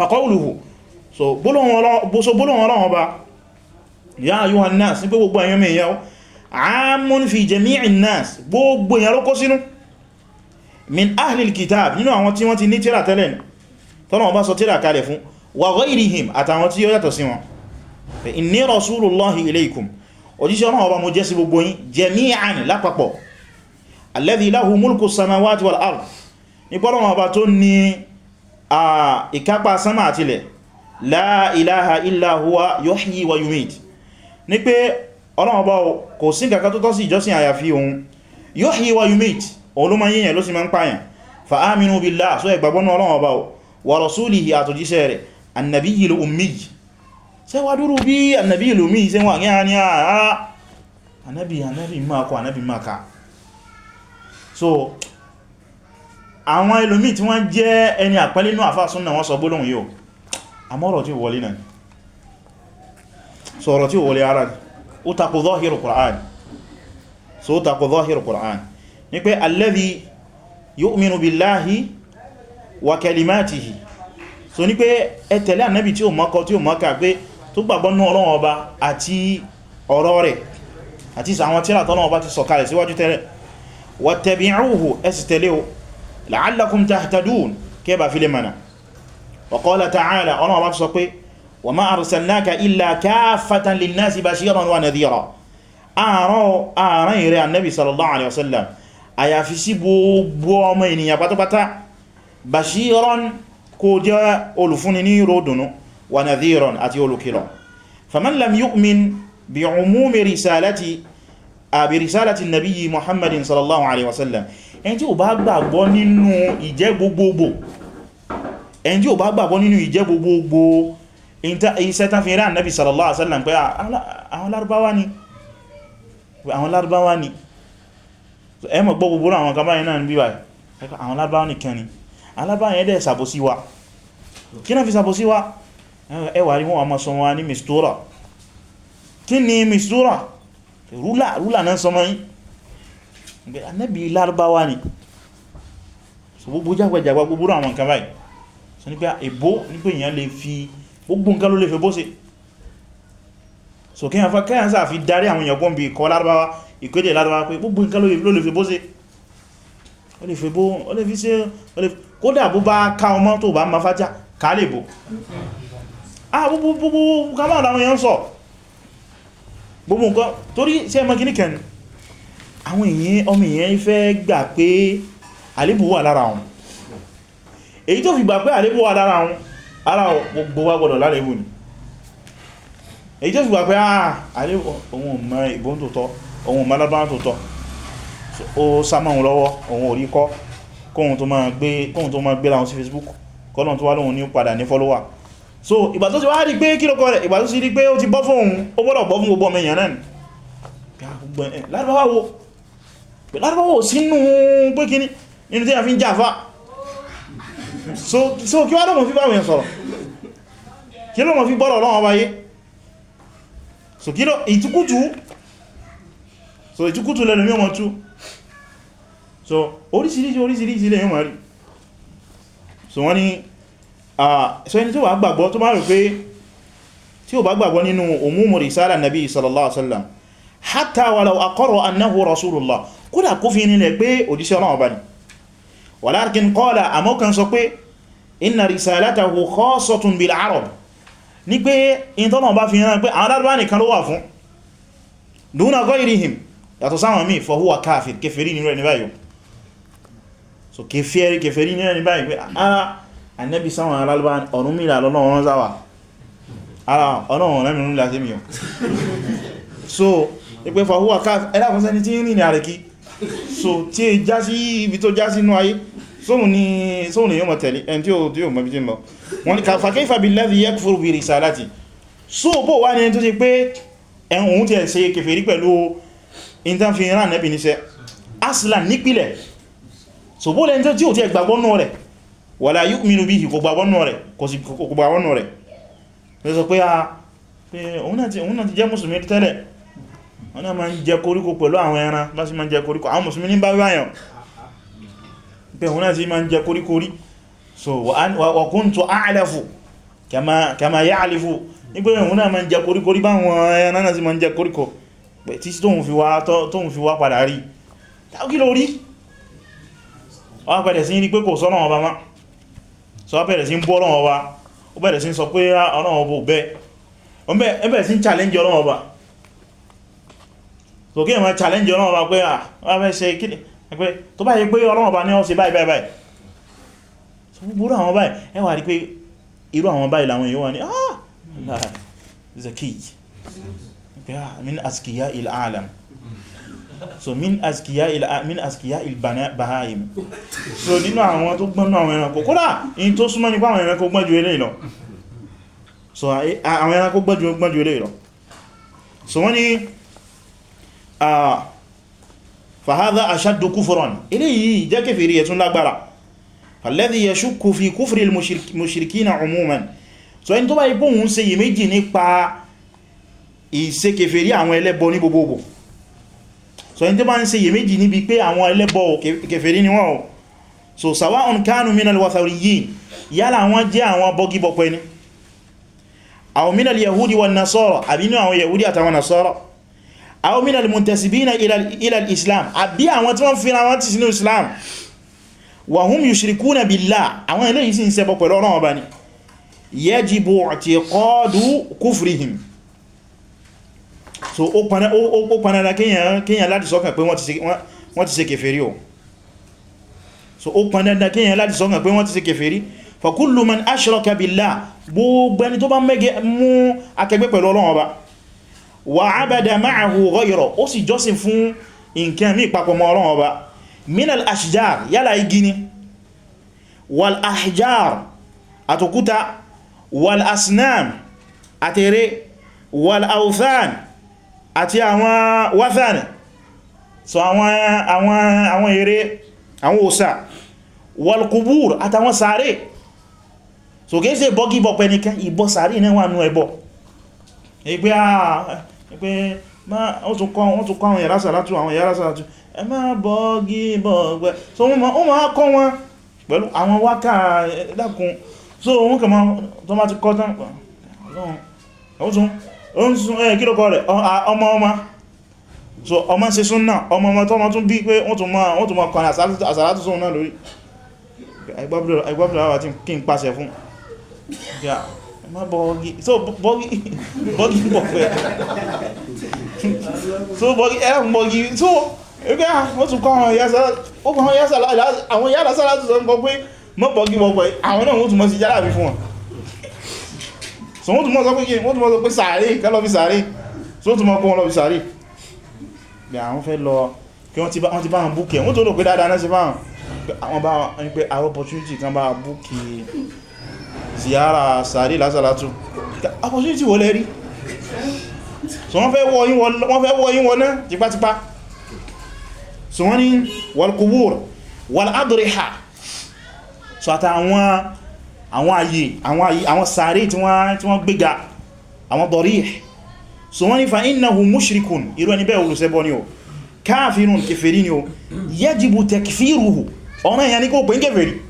faqawluhu so bólóhùn ọlọ́run ọba ya ayyuhan nas ní pé gbogbo àyọ́mẹ́ ìyàwó amun fi jami'in nas gbogbo èyàn ló kó sínú min ahlil kitab nínú àwọn tí wọ́n ti ní tíra tẹ́lẹ̀ tọ́lọ̀wọ́n bá sọ tíra kalẹ̀ fún wa ghayrihim àtàwọn tí ó yàtọ̀ sí wọn inni rasulullahi ilaykum òjíṣẹ́ ọ̀nà ìkápá sánmà àtilẹ̀ la ilaha illa huwa yuhyi wa yumit ní pé Ọlọ́run Ọba kò sí nǹkan tó tọ́ sí ìjọsìn àyàfi òun yuhyi wa yumit òun ló máa yíyàn ló sì máa ń pààyàn fa aminu billah so ẹ gbàgbọ́ wà ní àwọn ẹlòmí tí wọ́n jẹ́ ẹni àpẹẹlẹ́ inú àfáà súnnà wọ́n sọ gbólóhùn yóò àmọ́rọ̀ tí ó wọlé náà sọ̀rọ̀ tí ó wọlé ara ó takò zọ́hìrù Qur'an so ó takò zọ́hìrù Qur'an ní pé alladhi yu'minu billahi wa kalimatihi so ní pé ẹ tẹ̀lé ànábì tí ó mọ́kọ tí ó mọ́ka pé tó gbàgbọ́ ọ̀rọ̀ rẹ̀ àti àwọn tíra tọ́lọ́run ọba ti sọ̀kalẹ̀ síwájú tẹ́lẹ̀ wattabi'uhu ẹ sì tẹ̀lé o la'allakum tahtadun kẹ́ bá fílé mana wa qala ta'ala ọ̀nà wa sọ pé wa ma arsalnaka illa kaffatan linnasi bashiran wa nadhira ààrán ìrẹ́ annabi sallallahu alaihi wasallam àyàfi sí gbogbo ọmọ ènìyàn pátápátá bashiran kó jẹ́ olùfúnni ní ròdùnú wa nadhiran àti olùkìlọ̀ faman lam yu'min bi umumi risalati abi risalati nabiyyi muhammadin sallallahu alaihi wasallam ẹni tí ò bá gbàgbọ́ nínú ìjẹ́ gbogbogbò ẹni tí ò bá gbàgbọ́ nínú ìjẹ́ gbogbogbò iṣẹ́ tán fi rán Nabi sallallahu alaihi wasallam pé ah, àwọn Lárúbáwá ni àwọn Lárúbáwá ni ẹ mọ̀ gbọ́ gbogbo àwọn kàbáyìn náà bí báyìí àwọn Lárúbáwá ni kẹni alábáyìn ẹ̀dẹ̀ sàbòsí wa kí náà fi sàbòsí wa ẹwà rí wọn a máa sọ wọn ní mistura kí ni mistura rúlà rúlà náà sọmọ yìí anábì lárúbáwá ni so gbogbo jágbàjàgbà gbogbo àwọn nǹkan báyìí so ní pé ẹbọ ní èyàn lè fi gbogbo nǹkan ló lè fẹ́ bó ṣe so kí yàn kẹ́yàn sáà fi darí àwọn èyàn gbọ́n bí ikọ̀ lárúbáwá ìkéde lárúbáwá pé gbogbo nǹkan ló lè fẹ́ bó ṣe ó lè fẹ́ ma fájá ká ah gbogbo gbogbo kamọ́ àwọn èyàn sọ gbogbo nǹkan torí ṣe mọ́ àwọn èèyàn ọmọ èèyàn fẹ́ gbà pé àlébù wà lára wọn èyí tó fi gbà pé àlébù wà lára wọn ara gbogbo wa gbọdọ̀ lálébù ni èyí tó fi gbà pé ah, àlébù ohun mọ́ ìbọn tó tọ́ ohun mọ́ lábára tó tọ́ ó sámọ̀hun lọ́wọ́ ohun orí kọ́ kóhun tó máa gbé láwọn sí Facebook kọ́nà tó wá lóhun ní padà ní fọ́lọ́wà so ìgbà tó ti wá rí pé kí ló kọ́ rẹ̀ ìgbà tó ti rí pé ó ti bọ́ fún òun ó gbọ́dọ̀ bọ́ fún gbogbo pẹ̀lárọ̀wọ̀ sínú pé kíní nínú tí a fi ń jàfà so kí wá lọ́mọ̀ fi bá wèyàn sọ̀rọ̀ kí lọ́mọ̀ fi bọ́rọ̀ lọ́wọ́ báyé so kí lọ ìtukútù so ìtukútù lẹ́nu mí ọmọ tú so orísìírísìí orísìírísìí ilẹ̀ yóò rí so wọ́n ni so ẹni tí ó bá gbàgbọ́ tó bá rò pé tí ó bá gbàgbọ́ nínú umumur risala nabi sallallahu alaihi wasallam hatta walau aqarra rasulullah kódà kó fi nílẹ̀ pé òjíṣẹ́ Ọlọ́run bá ní walakin qala àmọ́kan sọ pé inna risalatahu khassatun bil arab ní pé ìtọ́nà bá fi hàn pé àwọn lárúbá nìkan ló wà fún duna ghayrihim yàtọ̀ sáwọn míì fa huwa kafir kèfèrí nínú ẹni báyìí so kèfèrí kèfèrí nínú ẹni báyìí pé ara ah, annabi sáwọn alárúbá ọ̀rún mìíràn lọ́nà ọ̀rán záwà ara ọ̀nà ọ̀rán mìíràn láti so tí è já sí ibi tó já sínú ayé sóhun ni yóò mọ̀ tẹ̀lé ẹni tí ó mọ̀ bí tí mọ̀ wọ́n ni kàfàkẹ́ ìfàbí lẹ́fì yakfuru bi risalati so bó wá ní tó ti pé ẹ̀hùn tí ẹ̀ ṣe kèfèrí pẹ̀lú ìntànfihàn nẹ́bì níṣẹ́ aslan nípìlẹ̀ so bó wọ́n náà ma ń jẹ koríko pẹ̀lú àwọn ẹran bá sí ma ń jẹ koríko àwọn mùsùlùmí ní bá báyàn pé wọ́n náà sí ma ń jẹ koríko rí so wa kuntu a'lafu kama kama ya'lafu ní pé wọ́n náà ma ń jẹ koríko rí báwọn ẹran náà sí ma ń jẹ koríko pẹ̀ tí tóhun fi wá tóhun fi wá padà rí kí ló rí wọ́n bẹ̀rẹ̀ sí ní pé kò sọ́nà ọba má so wọ́n bẹ̀rẹ̀ sí ń bọ́ ọlọ́wọ́ ọba ó bẹ̀rẹ̀ sí ń sọ pé ah, ọlọ́wọ́ ọba ò bẹ́ẹ̀ ó bẹ̀rẹ̀ challenge ọlọ́wọ́ ọba so kí ìmọ̀ challenge ọlọ́run bá pé àwẹ́ ṣe kíni pé tó bá yí pé ọlọ́run bá ní ọ́sẹ̀ báyìí báyìí báyìí so gbogbo àwọn báyìí ẹ wá rí pé irú àwọn báyìí làwọn èèyàn wà ní ah, ah min askiya il-alam so min askiya il-min askiya il-bahaim so nínú àwọn tó gbọ́n àwọn ẹranko kódà in tó súnmọ́ nípa àwọn ẹranko gbọ́n ju eléyìí lọ so àwọn ẹranko gbọ́n ju eléyìí lọ so wọ́n ni Ah, fàhádá aṣádù kúfùrán ilé yìí jẹ́ kèfèrí ẹ̀tún lágbára alladhi yashukku fi kúfùrí mushrikina umuman so ẹni tó bá ipò òun ṣe iyèméjì nípa ìṣe kèfèrí àwọn ẹlẹ́bọ ní gbogbogbò so ẹni tó bá ń ṣe iyèméjì níbi pé àwọn ẹlẹ́bọ kèfèrí ni wọ́n o so sawa'un kanu minal wathariyin yálà wọ́n jẹ́ àwọn bọ́gibọ̀pẹ́ ni àwọn minal yahudi àwọn mínà al-muntasibina ila al-islam àbí àwọn tí wọ́n fi ra wọn ti sínú islam wa hum yushrikuna billah àwọn eléyìí sì ń ṣẹbọ pẹ̀lú Ọlọ́run Ọba ni yajibu i'tiqadu kufrihim so ó panada kíyàn láti sọ́kàn pé wọ́n ti ṣe kèfèrí o so ó panada kíyàn láti sọ́kàn pé wọ́n ti ṣe kèfèrí fa kullu man ashraka billah gbogbo ẹni tó bá mú akẹgbẹ́ pẹ̀lú Ọlọ́run Ọba wà ábádà ma'ahu ghayra ó sì jọ́sìn fún nǹkan mí papọ̀ mọ́ Ọlọ́run Ọba minal ashjar yálà igi ni wal ahjar àtòkúta wal asnam àtẹ̀rẹ́ wal awthan àti àwọn wathan so àwọn àwọn àwọn ère àwọn òsà wal qubur àtàwọn sàárè so kìí ṣe bọ́gí ìbọ̀ sàárè náà wà nú ẹbọ ẹgbẹ́ àà pé wọ́n tún kọ́ àwọn yàrá sàlátù àwọn yàrá sàlátù ẹ máa bọ́ gí bọ́ gbẹ́ so wọ́n máa kọ́ wọn pẹ̀lú àwọn wákà dákun so wọ́n kẹ máa ti kọ́ tán ọmọ ṣe súnnà ọmọ ọmọ kọ́ àsàlátù sóhun náà má bọ́ọ̀gì so bọ́ọ̀gì bọ́ọ̀gì pọ̀ pẹ̀ so bọ́ọ̀gì ẹ̀ ń bọ́ọ̀gì so ẹgbẹ́ wọ́n tún kọ́ àwọn yásà láti sọ pọ̀ pé mọ́ bọ́ọ̀gì pọ̀ pẹ̀ àwọn náà wọ́n tún mọ́ sí yára bí fún wọn so wọ́n tún mọ́ sọ pé wọ́n tún mọ́ sọ pé sàárè kẹ́lọ́ fi sàárè so tún mọ́ kọ́ wọn lọ fi sàárè bí àwọn fẹ́ lọ kí wọ́n ti bá wọn búkẹ̀ wọ́n tó rò pé dáadáa náà sí báwọn àwọn bá wọn pé àwọn opportunity kan bá búkẹ̀ ziyara sàárì lásàlátù opportunity wọlé rí so wọ́n fẹ́ wọ́ yí wọ́ná tipatipa so wọ́n ní walkubur waladriha so àtàwọn àwọn ayé àwọn sàárì tí wọ́n gbéga àwọn dọ̀rí so wọ́n ní fa innahu mushrikun irú ẹni bẹ́ẹ̀ olùsẹ́bọ́ ni o káàfirun kèfèrí ni o yajibu takfiruhu ọ̀nà ìyàní kó ń kèfèrí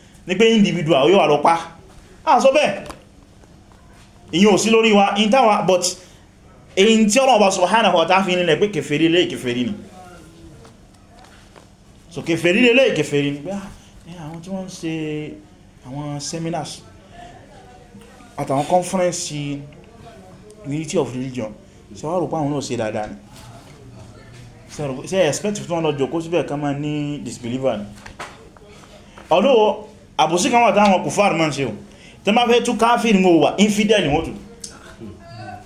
ní pé individual yóò wà lọ pa a sọ bẹ́ẹ̀ ìyàn ò sí lórí wa in táwà but èyí tí ọlọ́ọ̀bá subhanahu wa ta'ala fi nílẹ̀ pé kèfèrí lè kèfèrí ni so kèfèrí lè kèfèrí ni pé ah, àwọn tí wọ́n ń ṣe àwọn seminars àtàwọn conference unity of religion ṣe wá rúpa àwọn náà ṣe dáadáa ni ṣe expect tí wọ́n lọ disbeliever although àbòsí kan wà táwọn kùfàr mọ́ ṣe o tí ma fẹ́ tú káfíìn mọ́ wà infidel wọ́n tù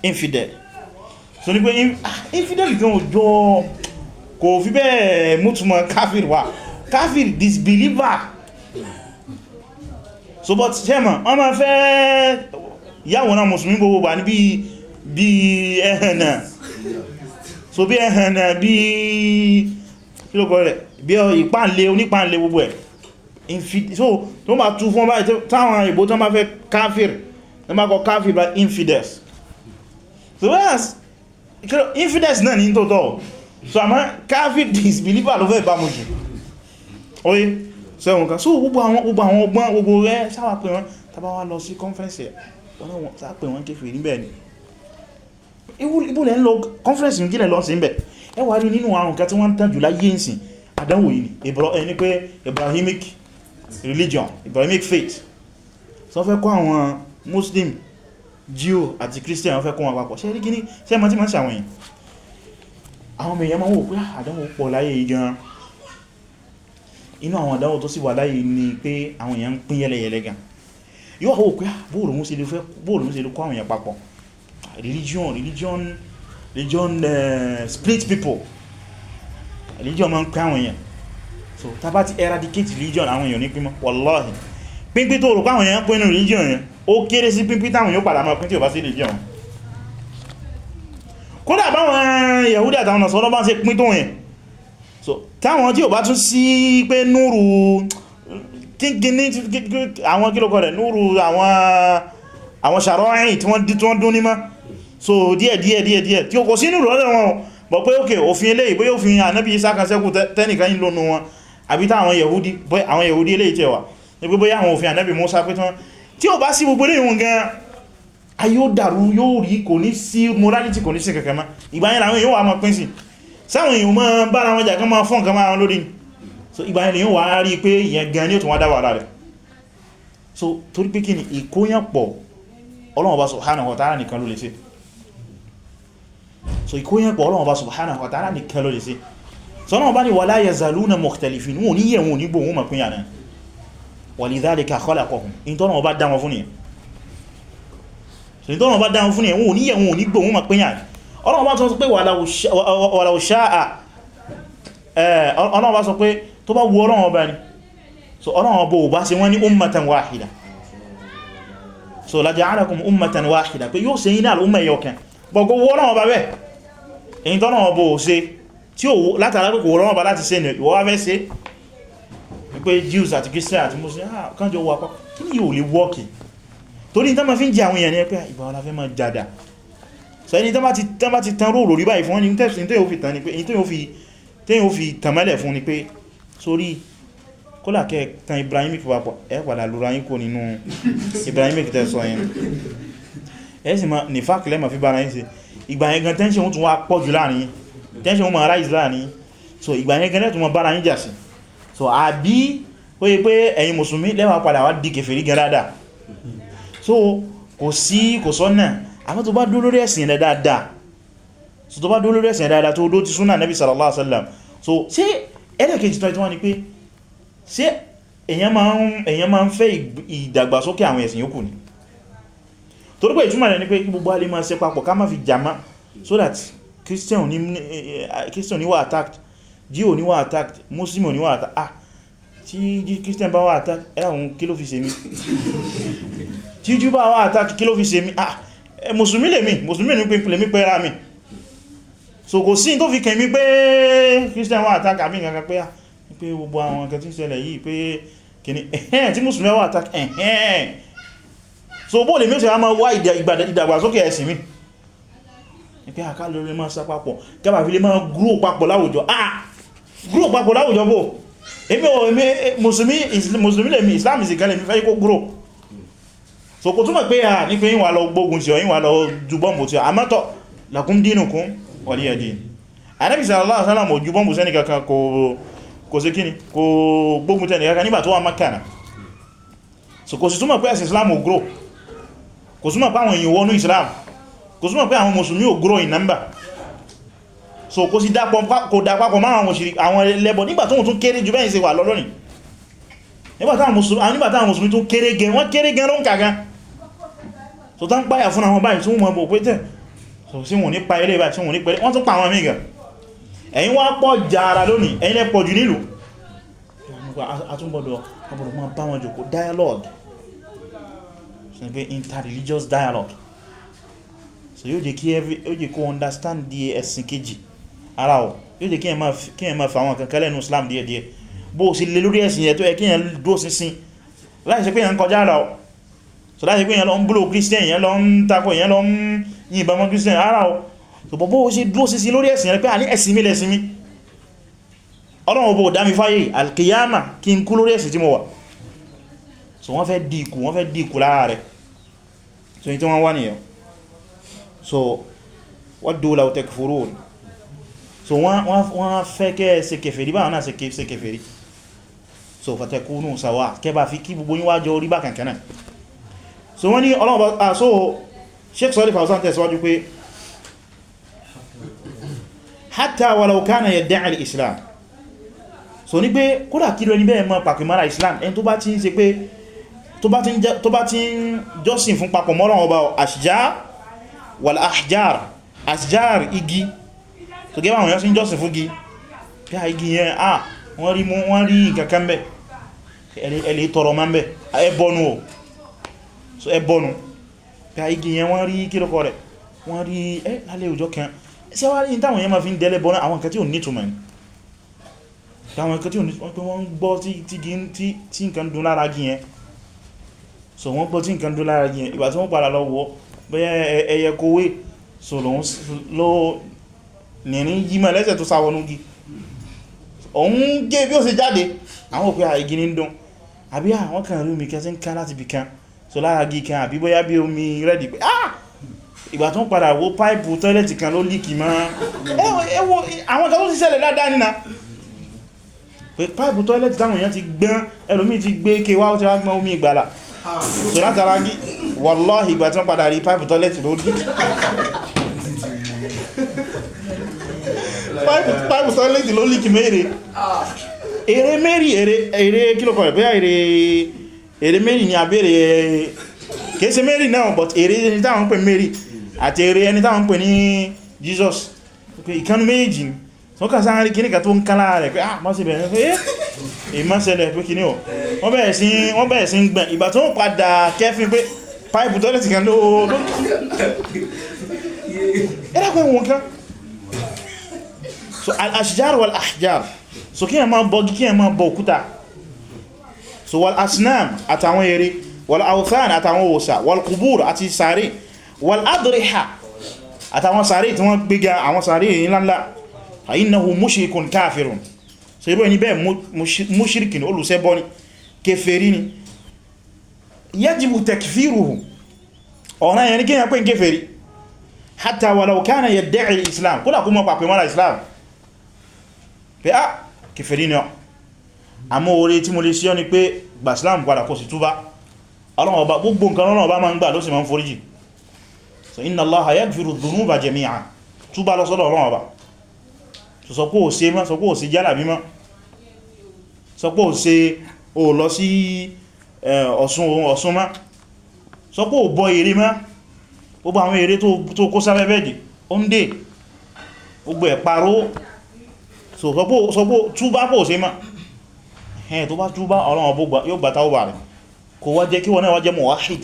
infidel so ní pé ah, infidel kan ò jọ kò fi bẹ́ẹ̀ mútùmọ̀ káfíìn wà káfíìn disbeliever so but ṣẹ́mọ̀ wọ́n ma fẹ́ yàwòrán mùsùlùmí gbogbo wà ní bí ẹ̀hẹ̀nà so bí ẹ̀hẹ̀nà bí ìpànlẹ̀ onípànlẹ̀ gbogbo ẹ̀ so tó ma tú fún báyìí táwọn ìbò tó ma fẹ́ káfíìr tó ma kọ káfíìr by infidels so whereas infidels náà ní tótọ́ so àmá káfíìr disbeliever ló fẹ́ ìbámu jù oye so ẹ̀wọ̀n kan so gbogbo àwọn gbogbo àwọn ọgbọ́n gbogbo rẹ̀ sáwà pé wọ́n tàbá wá lọ sí conference wọ́n sáà pé wọ́n kéfèé níbẹ̀ ni ibúlẹ̀ ń lọ conference ní kílẹ̀ lọ sí ibẹ̀ ẹwà rí nínú àrùn kan tí wọ́n ń tàn jù láyé ìsìn àdánwò yìí ni pé Ibrahimic religion Islamic faith so fẹ́ kọ́ àwọn Muslim Jew àti Christian fẹ́ kọ́ wọn papọ̀ ṣe rí kíní ṣe ma tí ma ń sàwọn yìí àwọn èèyàn ma wò pé ah, àdánwò pọ̀ láyé gan inú àwọn àdánwò tó sì wà láyé ni pé àwọn èèyàn ń pín yẹlẹyẹlẹ gan yóò wò pé ah, bóòlù mú sí lè kọ́ àwọn èèyàn papọ̀ religion religion religion uh, split people religion ma ń pín àwọn èèyàn so ta bá ti eradicate religion àwọn èèyàn ní pínmọ́ wallahi pínpín tó rùpá àwọn èèyàn pínú religion yẹn ó kéré sí pínpín táwọn yóò padà máa pín tí ò bá sí religion kódà báwọn Yahudi àtàwọn Nasara bá ń ṣe pín tó yẹn so táwọn tí ò bá tún sí pé núrù kíngíní àwọn kílòkọ rẹ̀ núrù àwọn sàrọ́rìn tí wọ́n dún ní so díẹ̀ díẹ̀ díẹ̀ díẹ̀ tí ó kò sínú rọ́lẹ̀ wọn bọ̀ pé òkè òfin eléyìí bóyá òfin ànábì Ìsá kan ṣẹ́kù tẹ́nìkan yìí lónú wọn àbí táwọn yahudi bọ́ àwọn yahudi ilé ìtẹ̀wà ní gbogbo yà àwọn òfin ànábì Musa pé tán tí ó bá sí gbogbo lè wọn gan a yóò dàrú yóò rí kò ní sí morality kò ní sí kankan mọ́ ìgbàyẹn àwọn yóò wà máa pín sí sáwọn èèyàn máa bára wọn jà kán máa fọ́n kan máa lórí so ìgbàyẹn yóò wà rí pé ìyẹn gan ni ó tún wá dáwà rẹ̀ so torí pé kí ni ìkóyàn pọ̀ Ọlọ́run Ọba subhanahu wa ta'ala nìkan ló lè ṣe so ìkóyàn pọ̀ Ọlọ́run Ọba subhanahu wa ta'ala nìkan ló lè ṣe sọ́nà bá ní wala yazaluna mukhtalifin wọn ní yẹ̀wọ̀n ní gbòhun mọ̀kún yàrá walidhalika khalaqahum ìtọ́nà bá dáwọn fún yẹn ìtọ́nà bá dáwọn fún yẹn wọn ní yẹ̀wọ̀n ní gbòhun mọ̀kún yàrá ọlọ́wọ́ bá sọ pé walau sha'a ọlọ́wọ́ bá sọ pé tó bá wù ọlọ́wọ́ bá ní so ọlọ́wọ́ bó bá ṣe wọ́n ní ummatan wahida so laja'alakum ummatan wahida pé yóò ṣe yí náà al'umma yọkan gbogbo wọ́n náà tí ó látara pé kò rọ́wọ́n bá láti ṣe ìwọ́ wá fẹ́ ṣe wípé Jews àti Christian àti Muslim ah, kánjọ wọ apá kí ní yíò lè wọ́kì torí tán ma fi ń jẹ àwọn èèyàn ní pé ah, ìgbà wọn la fẹ́ ma jàdà so ẹni tán bá ti tán róòrò rí báyìí fún ní tẹ́sìn tẹ́yìn ó fi tán ni pé èyí tẹ́yìn ó fi tàmẹ́lẹ̀ fún ni pé sórí kólà kẹ́ tan Ibrahimic papọ̀ ẹ padà lura yín kò nínú Ibrahimic tẹ́ sọ yẹn ẹ sì ma nífàkìlẹ́ ma fi bára yín ṣe ìgbà yẹn gan tẹ́ńṣẹ̀ wọ́n tún wá pọ̀ jù láàrin yín tension ma arise láàrin so ìgbà yẹn gẹ́nẹ́ tó mọ bára yín jà sí so àbí ó yẹ pé ẹ̀yin mùsùlùmí lẹ́wà padà wá di kèfèrí gan so kò sí kò sọ́nà àmọ́ tó bá dó lórí ẹ̀sìn rẹ̀ dáadáa so tó bá dó dáadáa sallallahu alaihi so ṣé ẹlẹ́kejì tó wá ni pé ṣé èyàn máa ń fẹ́ ìdàgbàsókè àwọn ẹ̀sìn yòókù ni torípé ìtumọ̀ rẹ̀ ni pé gbogbo so that christian ni eh, eh, eh, wà attacked jíò ni wà attacked muslim ni wà attacked ah tí christian bá wà attacked ẹ̀rùn kí ló fi ṣe mí tí jú bá wà attacked kí ló fi ṣe mi, ah musulmi lè mi, musulmi ní pé lè mí pẹ́ra mi so kò sí tó fi kẹ̀ mí pé christian wà attacked àmì ìgbàgbà pé ah, pé gbogbo àwọn akẹ́ tí ṣẹlẹ̀ yìí pé kìíní ẹ̀hẹ́n tí musulmi wà attacked ẹ̀hẹ́n so bó lè mí ṣe wá máa wá mi pé àká lórí máa sá papọ̀ kábà fi lè máa gúrò papọ̀ láwùjọ ah, ah gúrò papọ̀ láwùjọ bò èmi ò èmi eh, mùsùlùmí lèmi islam ìsìnkálẹ̀ mi fẹ́ kó gúrò so kò túnmọ̀ pé à ah, ní pé yíwà lọ gbógun tí ọ yíwà lọ ju bọ́m̀bù tí ọ àmọ́tọ̀ lakum dinukum waliya din Ànábì sallallahu alaihi wasallam ju bọ́m̀bù sẹ́ni makana so kò sí islam ò gúrò kò túnmọ̀ pé kò súnmọ̀ pé àwọn mùsùlùmí ò grow in number so kò sí dápapọ̀ márùn àwọn òṣìrí àwọn ẹlẹ́bọ̀ nígbà tó tún kéré jù bẹ́yìn ṣe wà lọ́lọ́rin nígbàtàwọn mùsùlùmí tún kéré gẹn wọ́n kéré gẹn ló ń kàgán so tán páyà fún àwọn báyìí tí wọ́n mọ̀ pé tẹ́ so sí wọn nípa ilé báyìí tí wọ́n nípa ilé wọ́n tún pa àwọn mìíga ẹ̀yin wá pọ̀ jàrà lónìí ẹ̀yin lẹ́pọ̀ jù nílùú àtúnbọ̀dọ̀ ọbọ̀dọ̀ mọ́ bá interreligious dialogue so yóò jẹ́ kí every yóò jẹ́ kó understand díẹ̀ ẹ̀sìn kejì ara ọ̀ yóò jẹ́ kí ẹ̀mà fà àwọn kankan lẹ́nu Islam díẹ̀ díẹ̀ bó sì lè lórí ẹ̀sìn yẹn tó yẹ kí yẹn dúró ṣinṣin láì ṣe pé yẹn ń kọjá ara ọ̀ so láì ṣe pé yẹn lọ ń búlò Christian yẹn lọ ń takò yẹn lọ ń yìnbọn mọ́ Christian ara ọ̀ so bọ́ bó sì dúró ṣinṣin lórí ẹ̀sìn yẹn pé àní ẹ̀sìn mi lẹ̀sìn mi ọlọ́run ọbọ̀ dámi fáyé alkiyama kí n kú lórí ẹ̀sìn tí mo wà so wọ́n fẹ́ dìkù wọ́n fẹ́ dìkù lára rẹ̀ so yí tí wọ́n wá nìyẹn so what do waddu law takfurun so wọ́n fẹ́ kẹ́ ṣe kèfèrí báwọn náà ṣe kèfèrí so fatakunu sawa kẹba fi kí gbogbo yín wá jọ orí bákan kanáà so wọ́n ní Ọlọ́run bá so Sheikh Saalih Al Fawzān tẹ̀síwájú pé hatta walau kana yadda'i al-islam so ní pé kódà kí lóní bẹ́ẹ̀ mọ́ pàkìmára islam ẹni tó bá ti ń ṣe pé tó bá ti ń jọ́sìn fún papọ̀ mọ́lọ́wọ́ bá àṣìjá wal ahjar asjar igi so gẹ́bà àwọn èèyàn sí jọ́sìn fún igi a igi yẹn a ah, wọ́n rí mú wọ́n rí kankan bẹ́ ẹ̀lẹ́ tọrọ ma ń ẹbọnu ah, o so ẹbọnu bí a igi yẹn wọ́n rí kílùkọ rẹ̀ wọ́n rí ẹ́ lálẹ́ òjò kan ṣe wá ní táwọn yẹn ma fi ń dẹ́lẹ̀ bọ́nà àwọn kan tí ò ní túnmọ̀ àwọn kan tí ò ní túnmọ̀ pé wọ́n gbọ́ tí gi yẹn so wọ́n gbọ́ tí nǹkan dún lára gi yẹn bóyá ẹyẹ kówé so ló nìrí yíma lẹ́sẹ̀ tó sáwọnúgi òun gé bí ó ṣe jáde àwọn òpé àìgí ní dùn àbí àwọn kan rí omi kẹsí ń ká láti bí kan so lára gí kan àbí bóyá bí omi rẹ́dì pé ah ìgbà tó ń padà wó páìpù tọ́lẹ̀tì kan ló líkì mọ́ ẹwọ àwọn kan tó ti ṣẹlẹ̀ dáadáa nínà pé páìpù tọ́lẹ̀tì táwọn èèyàn ti gbọ́n ẹlòmí ti gbé kéwàá ó ti wá gbọ́n omi ìgbàlà so látara gí wallahi ìgbà tí wọ́n padà rí pipe toilet lórí pipe toilet ló líkì mẹ́rẹ̀ èrè mẹ́rì ere kílòkọ̀ rẹ̀ bóyá ere mẹ́rì ni àbẹ̀rẹ̀ kéèsè mẹ́rì náà but ere ẹni táwọn ń pè mẹ́rì àti èrè ẹni táwọn ń pè ní Jesus ìkanu méjì ni tó kà sáárí kíníkà tó ń kálá rẹ̀ pé ah mọ́sí bẹ̀rẹ̀ pé èmọ́sẹ̀lẹ̀ eh, pé kíní ọ̀ wọ́n bẹ̀rẹ̀ sí ń gbẹ̀ ìgbà tó ń padà kẹfin pé páìpù tọ́lẹ̀tì kan ló ẹ̀dàkùn ẹ̀wọ̀n kan so al-ashjar wal-ahjar so kí ẹ máa bọ kí ẹ máa bọ òkúta so wal-asnam àtàwọn eré wal-awthan àtàwọn òsà wal-qubur àti sàárè wal-adriha àtàwọn sàárè tí wọ́n gbéga àwọn sàárè ńláńlá innahu mushrikun kafirun so ibẹ̀ ni bẹ́ẹ̀ mushrikin olùṣẹbọ ni kèfèrí ni yajibu takfiruhu ọ̀nà yẹn ni kíyàn pé ń kéfèrí hatta walau kana yadda'i islam kódà kó mọ́ pàpẹ mọ́ra islam pé á ah, kéfèrí ni ọ àmọ́ orí tí mo lè sí ọ ni pé islam padà kò sí túbá ọlọ́run ọba gbogbo nǹkan ọlọ́run ọba máa ń gbà ló sì máa so inna allaha yaghfiru dhunuba jami'a túbá lọ sọ́dọ̀ ọlọ́run ọba sọ pé ò se mọ́ sọ pé se jálàbí mọ́ sọ pé se ò lọ sí Eh, ọ̀sún ohun ọ̀sún má sọ pé ò bọ́ èrè má gbogbo àwọn èrè tó kó sábẹ́ bẹ́ẹ̀dì ó ń dè gbogbo ẹ̀paró sọ pé túbá pò sí má ẹ̀ tó bá túbá ọlọ́run yóò gbà táwọ́bà rẹ̀ kò wá jẹ́ kí wọ́n náà wá jẹ́ muwahid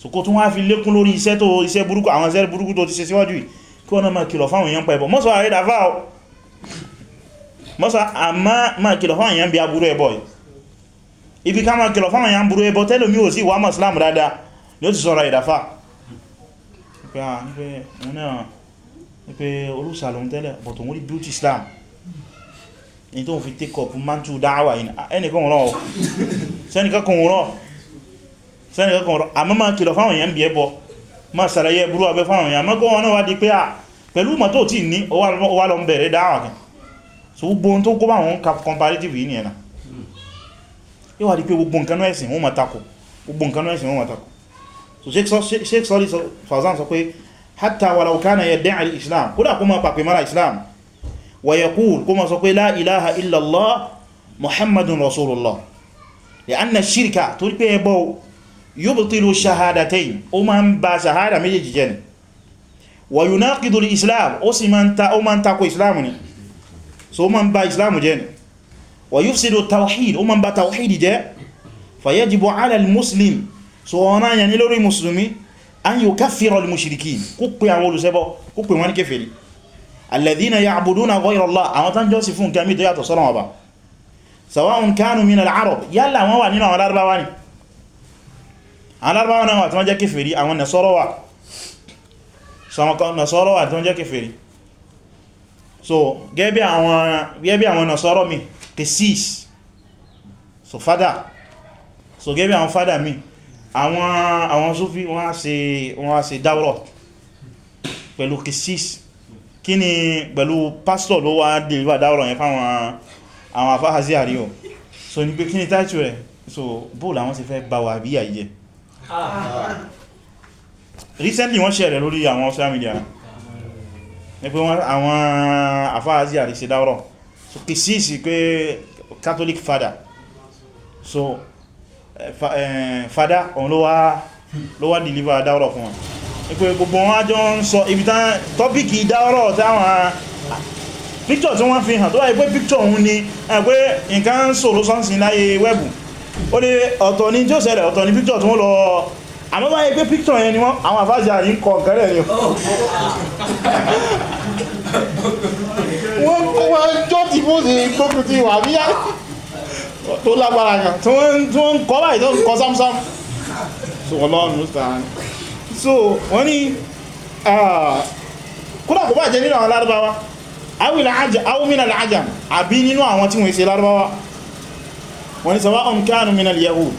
so kó tún wá fi lékún lórí iṣẹ́ tó iṣẹ́ burúkú àwọn iṣẹ́ burúkú tó ti ṣe síwájú yìí kí wọ́n náà máa kìlọ̀ fáwọn èèyàn pa ẹbọ mọ́sọ̀ àrídàfáà mọ́sọ̀ àmá máa kìlọ̀ fáwọn èèyàn bí aburú ẹbọ yìí ibi ká máa kìlọ̀ fáwọn yàn burú ẹbọ tẹ́lòmí ò sí wà mọ̀ islam dáadáa ni ó ti sọ́ra ìdàfà pé ah, islam ní tó ń fi take up mantu dáwà ẹnìkan rán sẹ́nìkan rán sẹ́nìkan rán àmọ́ máa kìlọ̀ fáwọn yàn bí ma sàrẹyẹ burú abẹ fáwọn èèyàn mọ́kọ́ wọn náà wá di pé à ah, pẹ̀lú mọ̀ tó tí ní ó wá dáwà kan so gbogbo ohun tó kó bá wọn comparative yìí nìyẹn náà yíò wà di pé gbogbo nǹkan náà ẹ̀sìn wọ́n ma takò gbogbo nǹkan ẹ̀sìn wọ́n ma so sheikh sọ́lì fazan sọ pé hatta walau kana yadda'i al-islam kódà kó ma pàpẹ mara islam wa yaqul kó ma sọ pé la ilaha illallah muhammadun rasulullah li'anna shirka torí pé ẹbọ yubtilu shahadatayn ó ma ń ba shahada méjèèjì jẹ́ ni wa yunaqidu al-islam so ó ma ń ba islam jẹ́ ويفسد التوحيد ومن بتوحيد جاء فيجب على المسلم سوانا يعني لوري مسلمي أن يكفر المشركين كوكو يعملوا سبا كوكو يمان كفري الذين يعبدون غير الله أما تنجوسفون كامي دياتو صلى الله سواء كانوا من العرب يلا ما وانينا على الأربعواني على الأربعواني واتما جاء كفري أما النصاروا نصاروا واتما جاء كفري so gẹ́bí àwọn nasọ́rọ̀ mi tesis so father, so gẹ́bẹ̀ àwọn fada mi àwọn àwọn Sufi wọ́n á ṣe wọ́n á ṣe dáwọ́rọ̀ pẹ̀lú tesis kí ni pẹ̀lú pastor ló wá dé ìwà dáwọ́rọ̀ yẹn fáwọn àwọn afáhazí àríò so ní pé kí ni táìtù rẹ̀ so bóòlù àwọn ṣe fẹ́ bá wà bí àìyẹ ah. recently wọ́n share rẹ̀ lórí àwọn social media ní pé àwọn afáhazí àrí ṣe dáwọ́rọ̀ so kìsíìsì pé catholic father so eh, eh, father òun ló wá deliver dáwọ́rọ̀ fún wọn ipò gbogbo wọn jọ ń sọ ibi tán tọ́pìkì dáwọ́rọ̀ táwọn píktọ̀ tí wọ́n fi hàn tó wáyé pé píktọ̀ òun ni pé nǹkan ń sòrò sọ́nsìn láyé wẹ́bù ó ní ọ̀tọ̀ ní tí ó ṣẹlẹ̀ ọ̀tọ̀ ní píktọ̀ tí wọ́n lọ àmọ́ báyé pé píktọ̀ yẹn ni wọ́n àwọn àfáàjà yìí ń ni wọ́n wọ́n jọ́ ti bó ṣe gbógun ti wà bíyá tó lágbára kan tí wọ́n ń kọ́ báyìí tó ń kọ́ sámsám so ọlọ́run musta'an so wọ́n ní kúrò kò bá jẹ́ nínú àwọn lárúbáwá awúmínà l'ájàm àbí nínú àwọn tí wọ́n ṣe lárúbáwá wọ́n ní sọwọ́ ọm káànù mínà yahud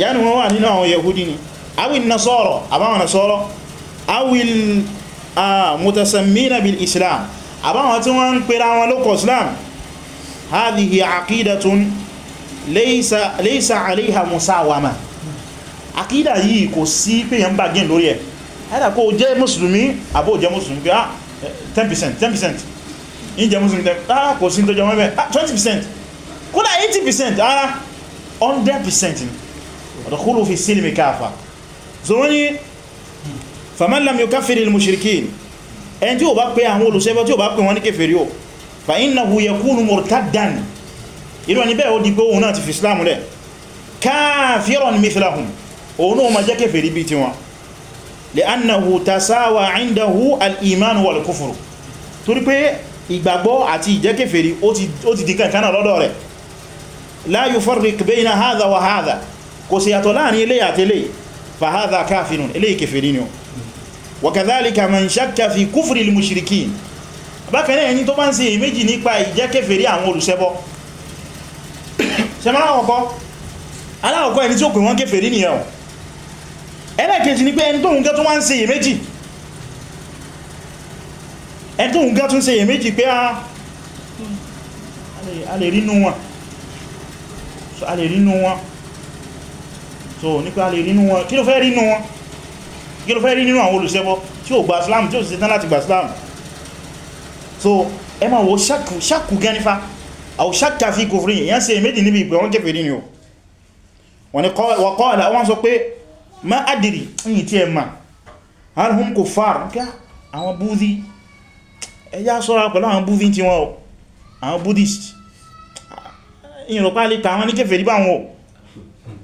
yáni wọ́n wà nínú àwọn yahudi ni awil nasọ́rọ̀ àbáwọn nasọ́rọ̀ awil Ah, mutasammina bil islam àbáwọn tí wọ́n ń pèrà wọn lókọ̀ islam hadhihi aqidatun laysa laysa alayha musawama àkídà yìí kò sí pé yẹn bá gín lórí ẹ̀ ẹ́dà kó jẹ́ mùsùlùmí àbó jẹ́ mùsùlùmí pé ah 10% 10% in jẹ́ mùsùlùmí ah kò sí tó jẹ́ mẹ́bẹ̀ ah 20% kódà 80% ara 100% ni ọ̀dọ̀kúrò fi sílìmì káàfà so faman lam yukaffir al-mushrikin ẹni tí ó bá pè àwọn olùṣẹbọ tí ó bá pè wọ́n ní kèfèrí o fa innahu yakunu murtaddan irú ẹni bẹ́ẹ̀ ó di pé òun náà ti fi islam lẹ̀ kafiran mithlahum òun náà ma jẹ́ kèfèrí bí tiwọn li'annahu tasawa 'indahu al-iman wal-kufr torí pé ìgbàgbọ́ àti ìjẹ́ kèfèrí ó wa kadhalika man shakka fi kufri al-mushrikin bákan náà ẹni tó bá ń ṣe èméjì nípa ìjẹ́ kèfèrí àwọn olùṣẹbọ sẹmọ́lá ọkọ́ aláwọ̀kọ́ ẹni tí ó pè wọ́n kèfèrí ni ẹlẹ́kẹ̀ẹ́jì ni pé ẹni tó ń gẹ́ kí ló fẹ́ rí nínú àwọn olùṣẹbọ tí ó gba islam tí ó sì tán láti gba islam so ẹ ma wo ṣakù ṣakù gẹnifa àwọn ṣakà fi kò fúrin èyàn ṣe méjì níbi ìpẹ̀ wọ́n kẹfẹ́ ní o wọ́n kọ́ ọ̀dá wọ́n sọ pé ma adìrì yìí tí ẹ ma alhum kuffar àwọn búdí ẹjá sọ́ra pẹ̀lú àwọn búdí tí wọ́n àwọn buddhist ìrọ̀pá lè ta àwọn ní kẹfẹ́ rí báwọn o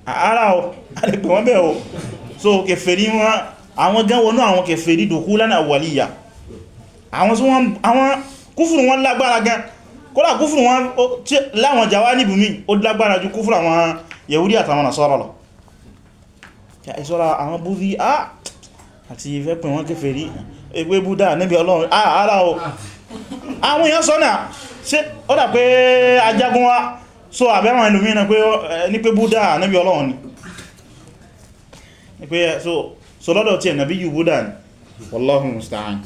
ara o a lè pẹ̀ wọ́n o so kẹfẹ́ rí wọ́n àwọn gan wọnú àwọn kèfèrí dòkú lánà wàlíyà àwọn tí wọ́n àwọn kúfùrù wọn lágbára gan kódà kúfùrù wọn láwọn jàwá níbù mí ó lágbára ju kúfùrù àwọn yahudi àtàwọn nasọ́rọ̀ lọ ìṣọ́ra àwọn búdí á àti ìfẹ́ pè wọ́n kèfèrí ẹgbẹ́ búdá níbi ọlọ́run ara o àwọn èèyàn sọ́nà ṣe ó dà pé ajagun wa so àbẹ́wọn ẹlòmíràn ní pé búdá níbi ọlọ́run ni pé so so lọ́dọ̀ tí ẹ̀nàbí yìí wúdà ní wallahu musta'an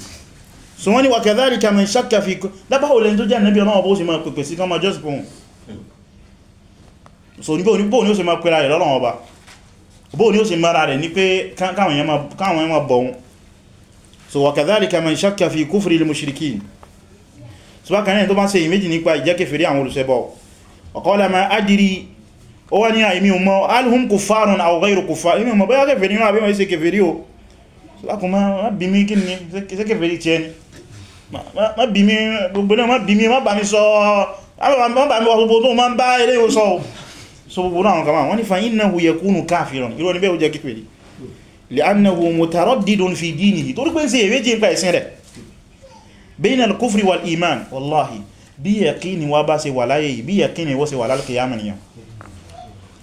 so wọ́n ni wà kadhalika man shakka fi lápáwò lẹ́yìn tó jẹ́ ẹ̀nàbí ọlọ́wọ́ bó sì máa pèpè sí kọmọ jọ́sì fún so ní bóò ní ó sì máa pèra rẹ̀ lọ́lọ́wọ́ ọba bóò ní ó sì mara rẹ̀ ní pé káwọn yẹn máa bọ̀ wọn so wà kadhalika man shakka fi kufri ó wá ní àìmí ah, mọ́ alhum kuffarun aw ghayru kuffar inú mọ̀ bóyá kèfèrí náà àbíwọ̀n ìṣe kèfèrí o lákùn má bí mi kí ni ṣe kèfèrí tí ẹni má bí mi gbogbo náà má bí mi má bà mí sọ má bà mí wà gbogbo tó má bá ilé o sọ so gbogbo náà kama wọ́n ní fa innahu yakunu kafiran irú ni bẹ́ẹ̀ ó jẹ́ kèfèrí li'annahu mutaraddidun pé ń ṣe èwe jẹ́ nípa ẹ̀sìn rẹ̀ bayna al-kufri wal-iman wallahi bí yaqini wa bá ṣe wà láyé yìí bí yaqini wọ́n ṣe wà lálùkìyàmù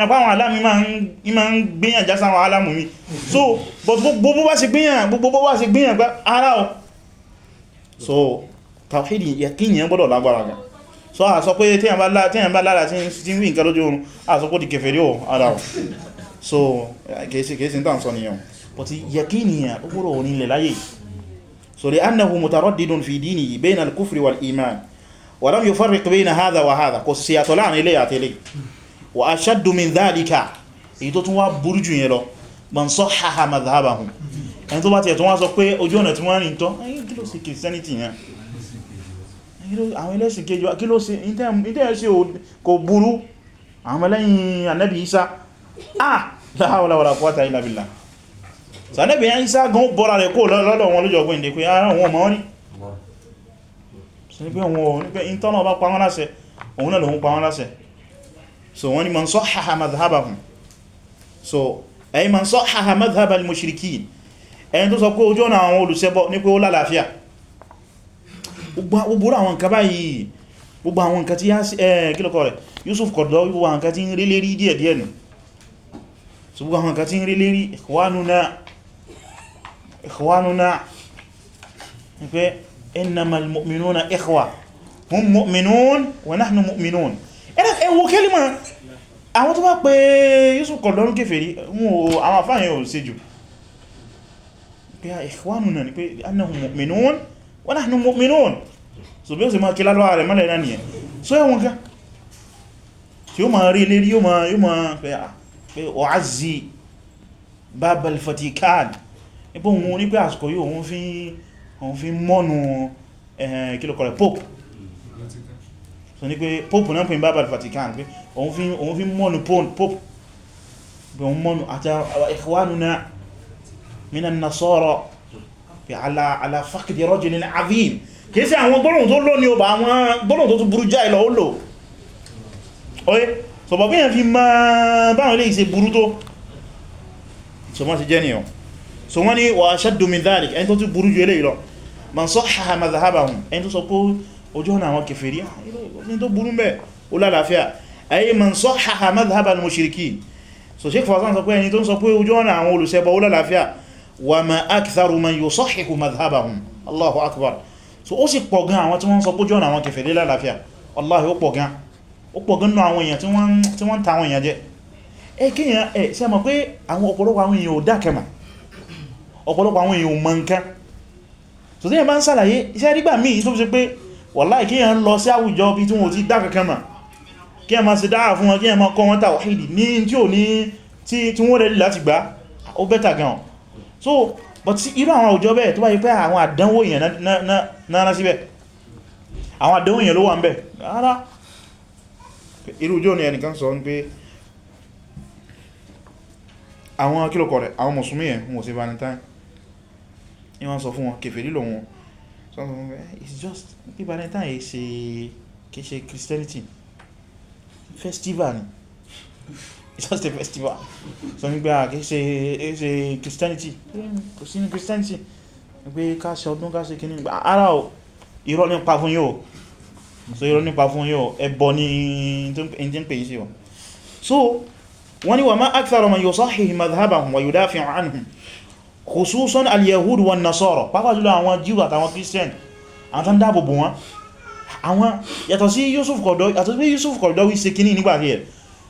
ẹ̀pá àwọn alámi ma ń gbíyàn jásá àwọn alámù mi so but gbogbo bá ṣe gbíyàn gbogbo bá ṣe gbíyàn pẹ́ ara ọ so tawhidi yẹkíyàn gbọ́dọ̀ lágbára gan so a sọ pé tíyàn bá lára tí ń wí nǹkan lójú oorun a sọ pé di kèfèrí ọ ara ọ so kèsì kèsì ń tàn but yẹkíyàn ó gbọ́dọ̀ orin lẹ̀ so li annahu mutaraddidun fi dinihi bayna al-kufri wal iman wa lam yufarriq bayna hadha wa wa ashaddu min dhalika èyí tó tún wá burú jù yẹn lọ man sahhaha madhhabahum ẹni tó bá tiẹ̀ tó wá sọ pé ojú ọ̀nà tí wọ́n rìn tọ́ ẹ̀yìn kí ló ṣe christianity yẹn àwọn ẹlẹ́sìn kejì kí ló ṣe ìtẹ́ ṣe kò burú àwọn ẹlẹ́yìn ànábì Isa ah la hawla wala quwwata illa billah sànẹ́bì Isa gan bọ́ra rẹ̀ kó lọ́dọ̀ wọn lójọ gbé ìdíkwé ara wọn mọ́ rí sí pé wọn ò ní pé ìtọ́nà bá pa òun náà lòun pa wọ́n so wọ́n ni man sahhaha madhhabahum so ay man sahhaha madhhab al-mushrikin ẹni tó sọ pé ojú ọ̀nà àwọn olùṣẹbọ ní pé ó lálàáfíà gbogbo àwọn nǹkan báyìí gbogbo àwọn nǹkan tí yá sí kílọ̀kọ́ rẹ̀ Yusuf Qaradawi gbogbo àwọn nǹkan tí ń rí lérí díẹ̀ díẹ̀ nù so gbogbo àwọn ẹwọ kẹ́límọ̀ àwọn tó bá pé Yusuf kọ̀lọ́rún kèfèrí àwọn àfáàyàn ò sí jù pé ikhwanuna ni pé annahum mu'minun wa nahnu mu'minun so bí ó sì máa kí lálọ́ rẹ̀ mọ́lẹ̀ náà nìyẹn so ẹwọ̀n ká tí ó máa rí lérí yóò máa pé ọ̀ází babal fatikan ipò so ní pé pope náà pín bábà Vatican pé òun fi mọ́nu pope bí òun mọ́nu àti ikhwanuna minan nasara pé ala faqdi rajulin azim kìí sí àwọn gbọ́nà tó lọ ní ọba àwọn gbọ́nà tó tún burú já ìlọ ó lò oye so bọ̀ bí yẹn fi ma báwọn ilé ìse burú tó so mọ́ sí jẹ́ nìyàn so wọ́n ni wa ashaddu min ẹni tó tún burú ju ilé ìlọ man sahha madhhabahum ẹni tó sọ pé ojú ọ̀nà àwọn kèfèrí ah, ní tó burú mẹ́ ó lálàáfíà ayé man sahhaha madhhab al-mushrikin so Shaykh Fawzān sọ pé ẹni tó ń sọ pé ojú ọ̀nà àwọn olùṣẹbọ ó lálàáfíà wa ma aktharu man yusahhihu madhhabahum Allahu akbar so ó sì pọ̀ gan àwọn tí wọ́n sọ pójú ọ̀nà àwọn kèfèrí lálàáfíà Allah ó pọ̀ gan ó pọ̀ gan náà àwọn èèyàn tí wọ́n ń ta àwọn èèyàn jẹ ẹ kíyàn ọ̀pọ̀lọpọ̀ àwọn èèyàn ò mọ̀ nǹkan so tí ẹ bá ń sàlàyé iṣẹ́ rígbà míì tó fi ṣe pé wàláì kí yẹn lọ sí àwùjọ bí tí wọ́n ti dá kankan mà kí yẹn ma ṣe dáa fún wọn kí yẹn ma kọ́ wọn tàwàhídì ní tí ò ní tí wọ́n rẹ̀ láti gbá ó bẹ́ta gan so but irú àwọn àwùjọ bẹ́ẹ̀ tó bá yí pé àwọn àdánwò èèyàn náà síbẹ̀ àwọn àdánwò èèyàn ló wà ń bẹ̀ rárá irú jọ ni ẹnìkan sọ pé àwọn kílòkọ̀ rẹ̀ àwọn mùsùlùmí ẹ̀ wọ́n sí valentine ni wọ́n sọ fún wọn kèfèrí lòun sọ́nà eh, it's just bí valentine yìí ṣe kìí ṣe christianity festival it's just a festival so nígbà kìí ṣe christianity kò sí ní christianity pé ká ṣe ọdún ká ṣe kìíní gbà ara ò irọ́ nípa fún yóò so irọ́ nípa fún yóò ẹbọ ní tí ń pè yí sí so wọ́n ni wà má akthar man yusahihi madhhabahum wa yudafi'u anhum khususan al-yahud wa nasara pàápàá jùlọ àwọn Jew àtàwọn Christian àwọn tán dáàbò bò wọ́n àwọn yàtọ̀ sí Yusuf Qaradawi yàtọ̀ sí Yusuf Qaradawi ṣe kini nígbà rí ẹ̀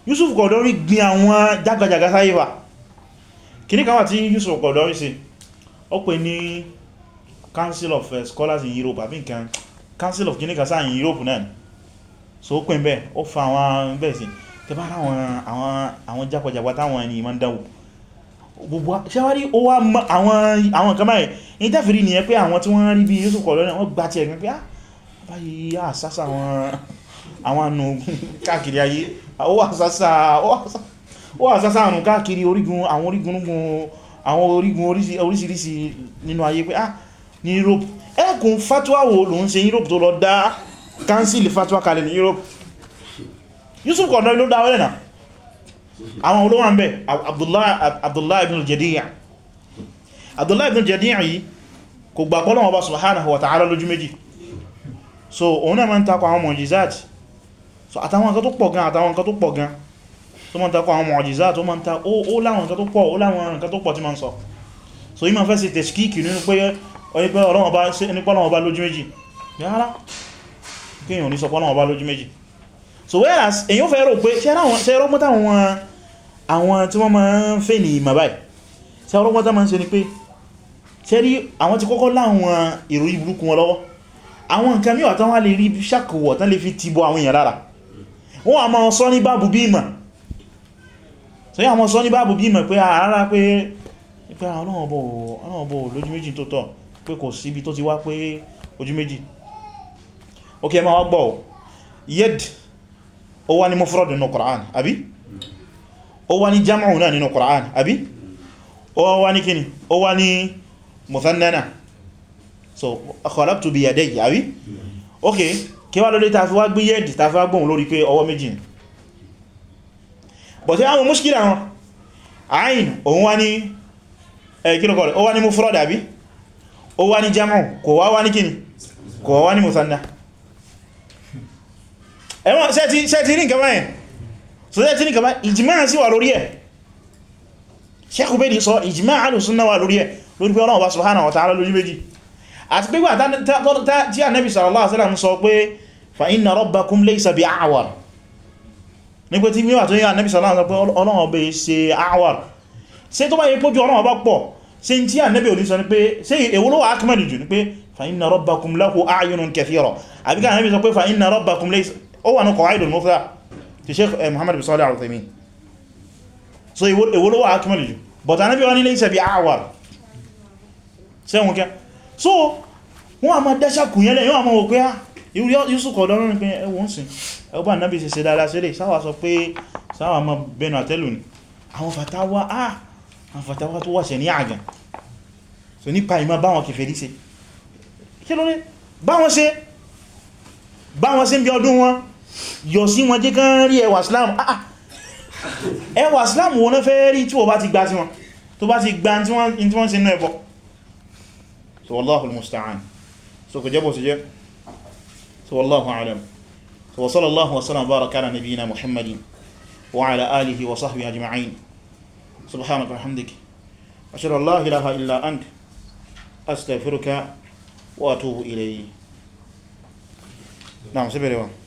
Yusuf Qaradawi gbin àwọn jágbàjàgá sáyíwà kíní kan wà tí Yusuf Qaradawi ṣe o pè ní Council of eh, Scholars in Europe àbí nǹkan Council of kini kan sáà in Europe náà so ó pè ń bẹ́ẹ̀ ó fa àwọn bẹ́ẹ̀ sí tẹ́bá àwọn àwọn jágbàjàgbà táwọn ẹni ìmọ̀ dáwò gbogbo ṣẹ́wárí ó wá àwọn kan báyìí ní tẹ́fìrí ni ẹ pé àwọn tí wọ́n rí bí Yusuf kọ̀ lọ́nà wọ́n gbá ti ẹ̀gbẹ́ pé á ah, báyìí àsásà àwọn ànù káàkiri ayé ó àsásà ànù káàkiri orígun àwọn orígun àwọn orígun oríṣiríṣi nínú ayé pé á ah, ní Europe ẹkùn fatwa wo ló ń ṣe Europe tó lọ dá kánsìlì fatwa kalẹ̀ ní Europe Yusuf kọ̀ lọ́nà ló dá wọ́lẹ̀ náà àwọn olówó ń bẹ Abdullah ibn al-Jadi'a Abdullah ibn al-Jadi'a yìí kò gbà pé Ọlọ́hun Ọba subhanahu wa lójú méjì so òun náà ma ń takọ àwọn mọ̀jízáàtì so àtàwọn nǹkan tó pọ̀ gan àtàwọn nǹkan tó pọ̀ gan tó ma ń takọ àwọn mọ̀jízáàtì ó ma ń ta ó láwọn nǹkan tó pọ̀ tí ma ń sọ so yí ma fẹ́ sí tẹ̀ṣkíkì nínú pé Ọlọ́hun Ọba lójú méjì yára kí so whereas èyàn fẹ́ rò pé ṣẹ́rọ mọ́tàwọn àwọn tí wọ́n máa ń fẹ́ ní ìmọ̀ báyìí tí àwọn ọlọ́pàá máa ń ṣe ni pé ṣe rí àwọn tí kọ́kọ́ láwọn ìròyìn burúkú wọn lọ́wọ́ àwọn nǹkan mí ọ̀tán wá lè rí ṣàkòwọ̀ tán lè fi tìbọ àwọn èèyàn lára wọ́n a máa sọ ní báàbù bí ìmọ̀ so yà máa sọ ní báàbù bí ìmọ̀ pé ara pé pé Ọlọ́run bọ̀ lójú méjì yed ó wá ní Qur'an àbí ó wá ní jam'u náà nínú Qur'an àbí ó wá ní kíni ó wá ní muthanna so khalaqtu bi yadayya àbí ok kí wá lórí tàfi wá gbí yẹ́dì tàfi wá gbóhùn lórí pé ọwọ́ méjì bọ̀ tí àwọn mushkila wọn ayin òun wá ní ẹgbẹ̀rẹ̀kọ́ rẹ̀ ó wá ní mufrad rí nǹkan báyẹn so yẹ́ tí ní kàbá ìjìmá sí wà lórí ẹ̀ Sheikh Ubaydi sọ ìjìmá alùsúnnà wà lórí ẹ̀ lórí pé Ọlọ́run wa subhanahu wa ta'ala lójú méjì àti pé gbà tí Ànábì sallallahu alaihi wasallam sọ pé fa inna rabbakum laysa bi a'war ní pé tí míwà tó yí Ànábì sallallahu alaihi wasallam pé Ọlọ́run bẹ̀ ṣe a'war ṣe tó bá yí pójú Ọlọ́run bá pọ̀ ṣe tí Ànábì ò ní sọ ní pé ṣe èwúlò ti sheikh eh, muhammad bin salih al-uthaymin so ìwọ ló wà akmal jù but anabi wa ni laysa bi awar se won ke so wọ́n a máa dasha kun yele wọ́n a máa wò pé ah yusu ko don ni pé e won sin e ba anabi ṣe ṣe dáadáa ṣe le sawa sọ pé sawa ma benu atelu ni àwọn fatawa ah àwọn fatawa tó wà ṣe ni agan so nípa ìmọ̀ báwọn kèfèrí ṣe kí ló ní báwọn ṣe báwọn ṣe ń bí ọdún wọn yọ sí wọn jẹ́ kán rí ẹwà islam ah, ah. ẹwà islam wọn fẹ́ rí tí wọ́n bá ti gbá tí wọ́n tó bá ti gbá tí wọ́n sí inú ẹbọ so wallahu al-musta'an so kò jẹ́bọ̀ sí jẹ́ so wallahu alam so wa sallallahu wa sallam baraka ala nabiyyina muhammadin wa ala alihi wa sahbihi ajma'in subhanaka wa hamdika ashhadu an ilaha illa anta astaghfiruka wa atubu ilayk Naam, sí bẹ̀rẹ̀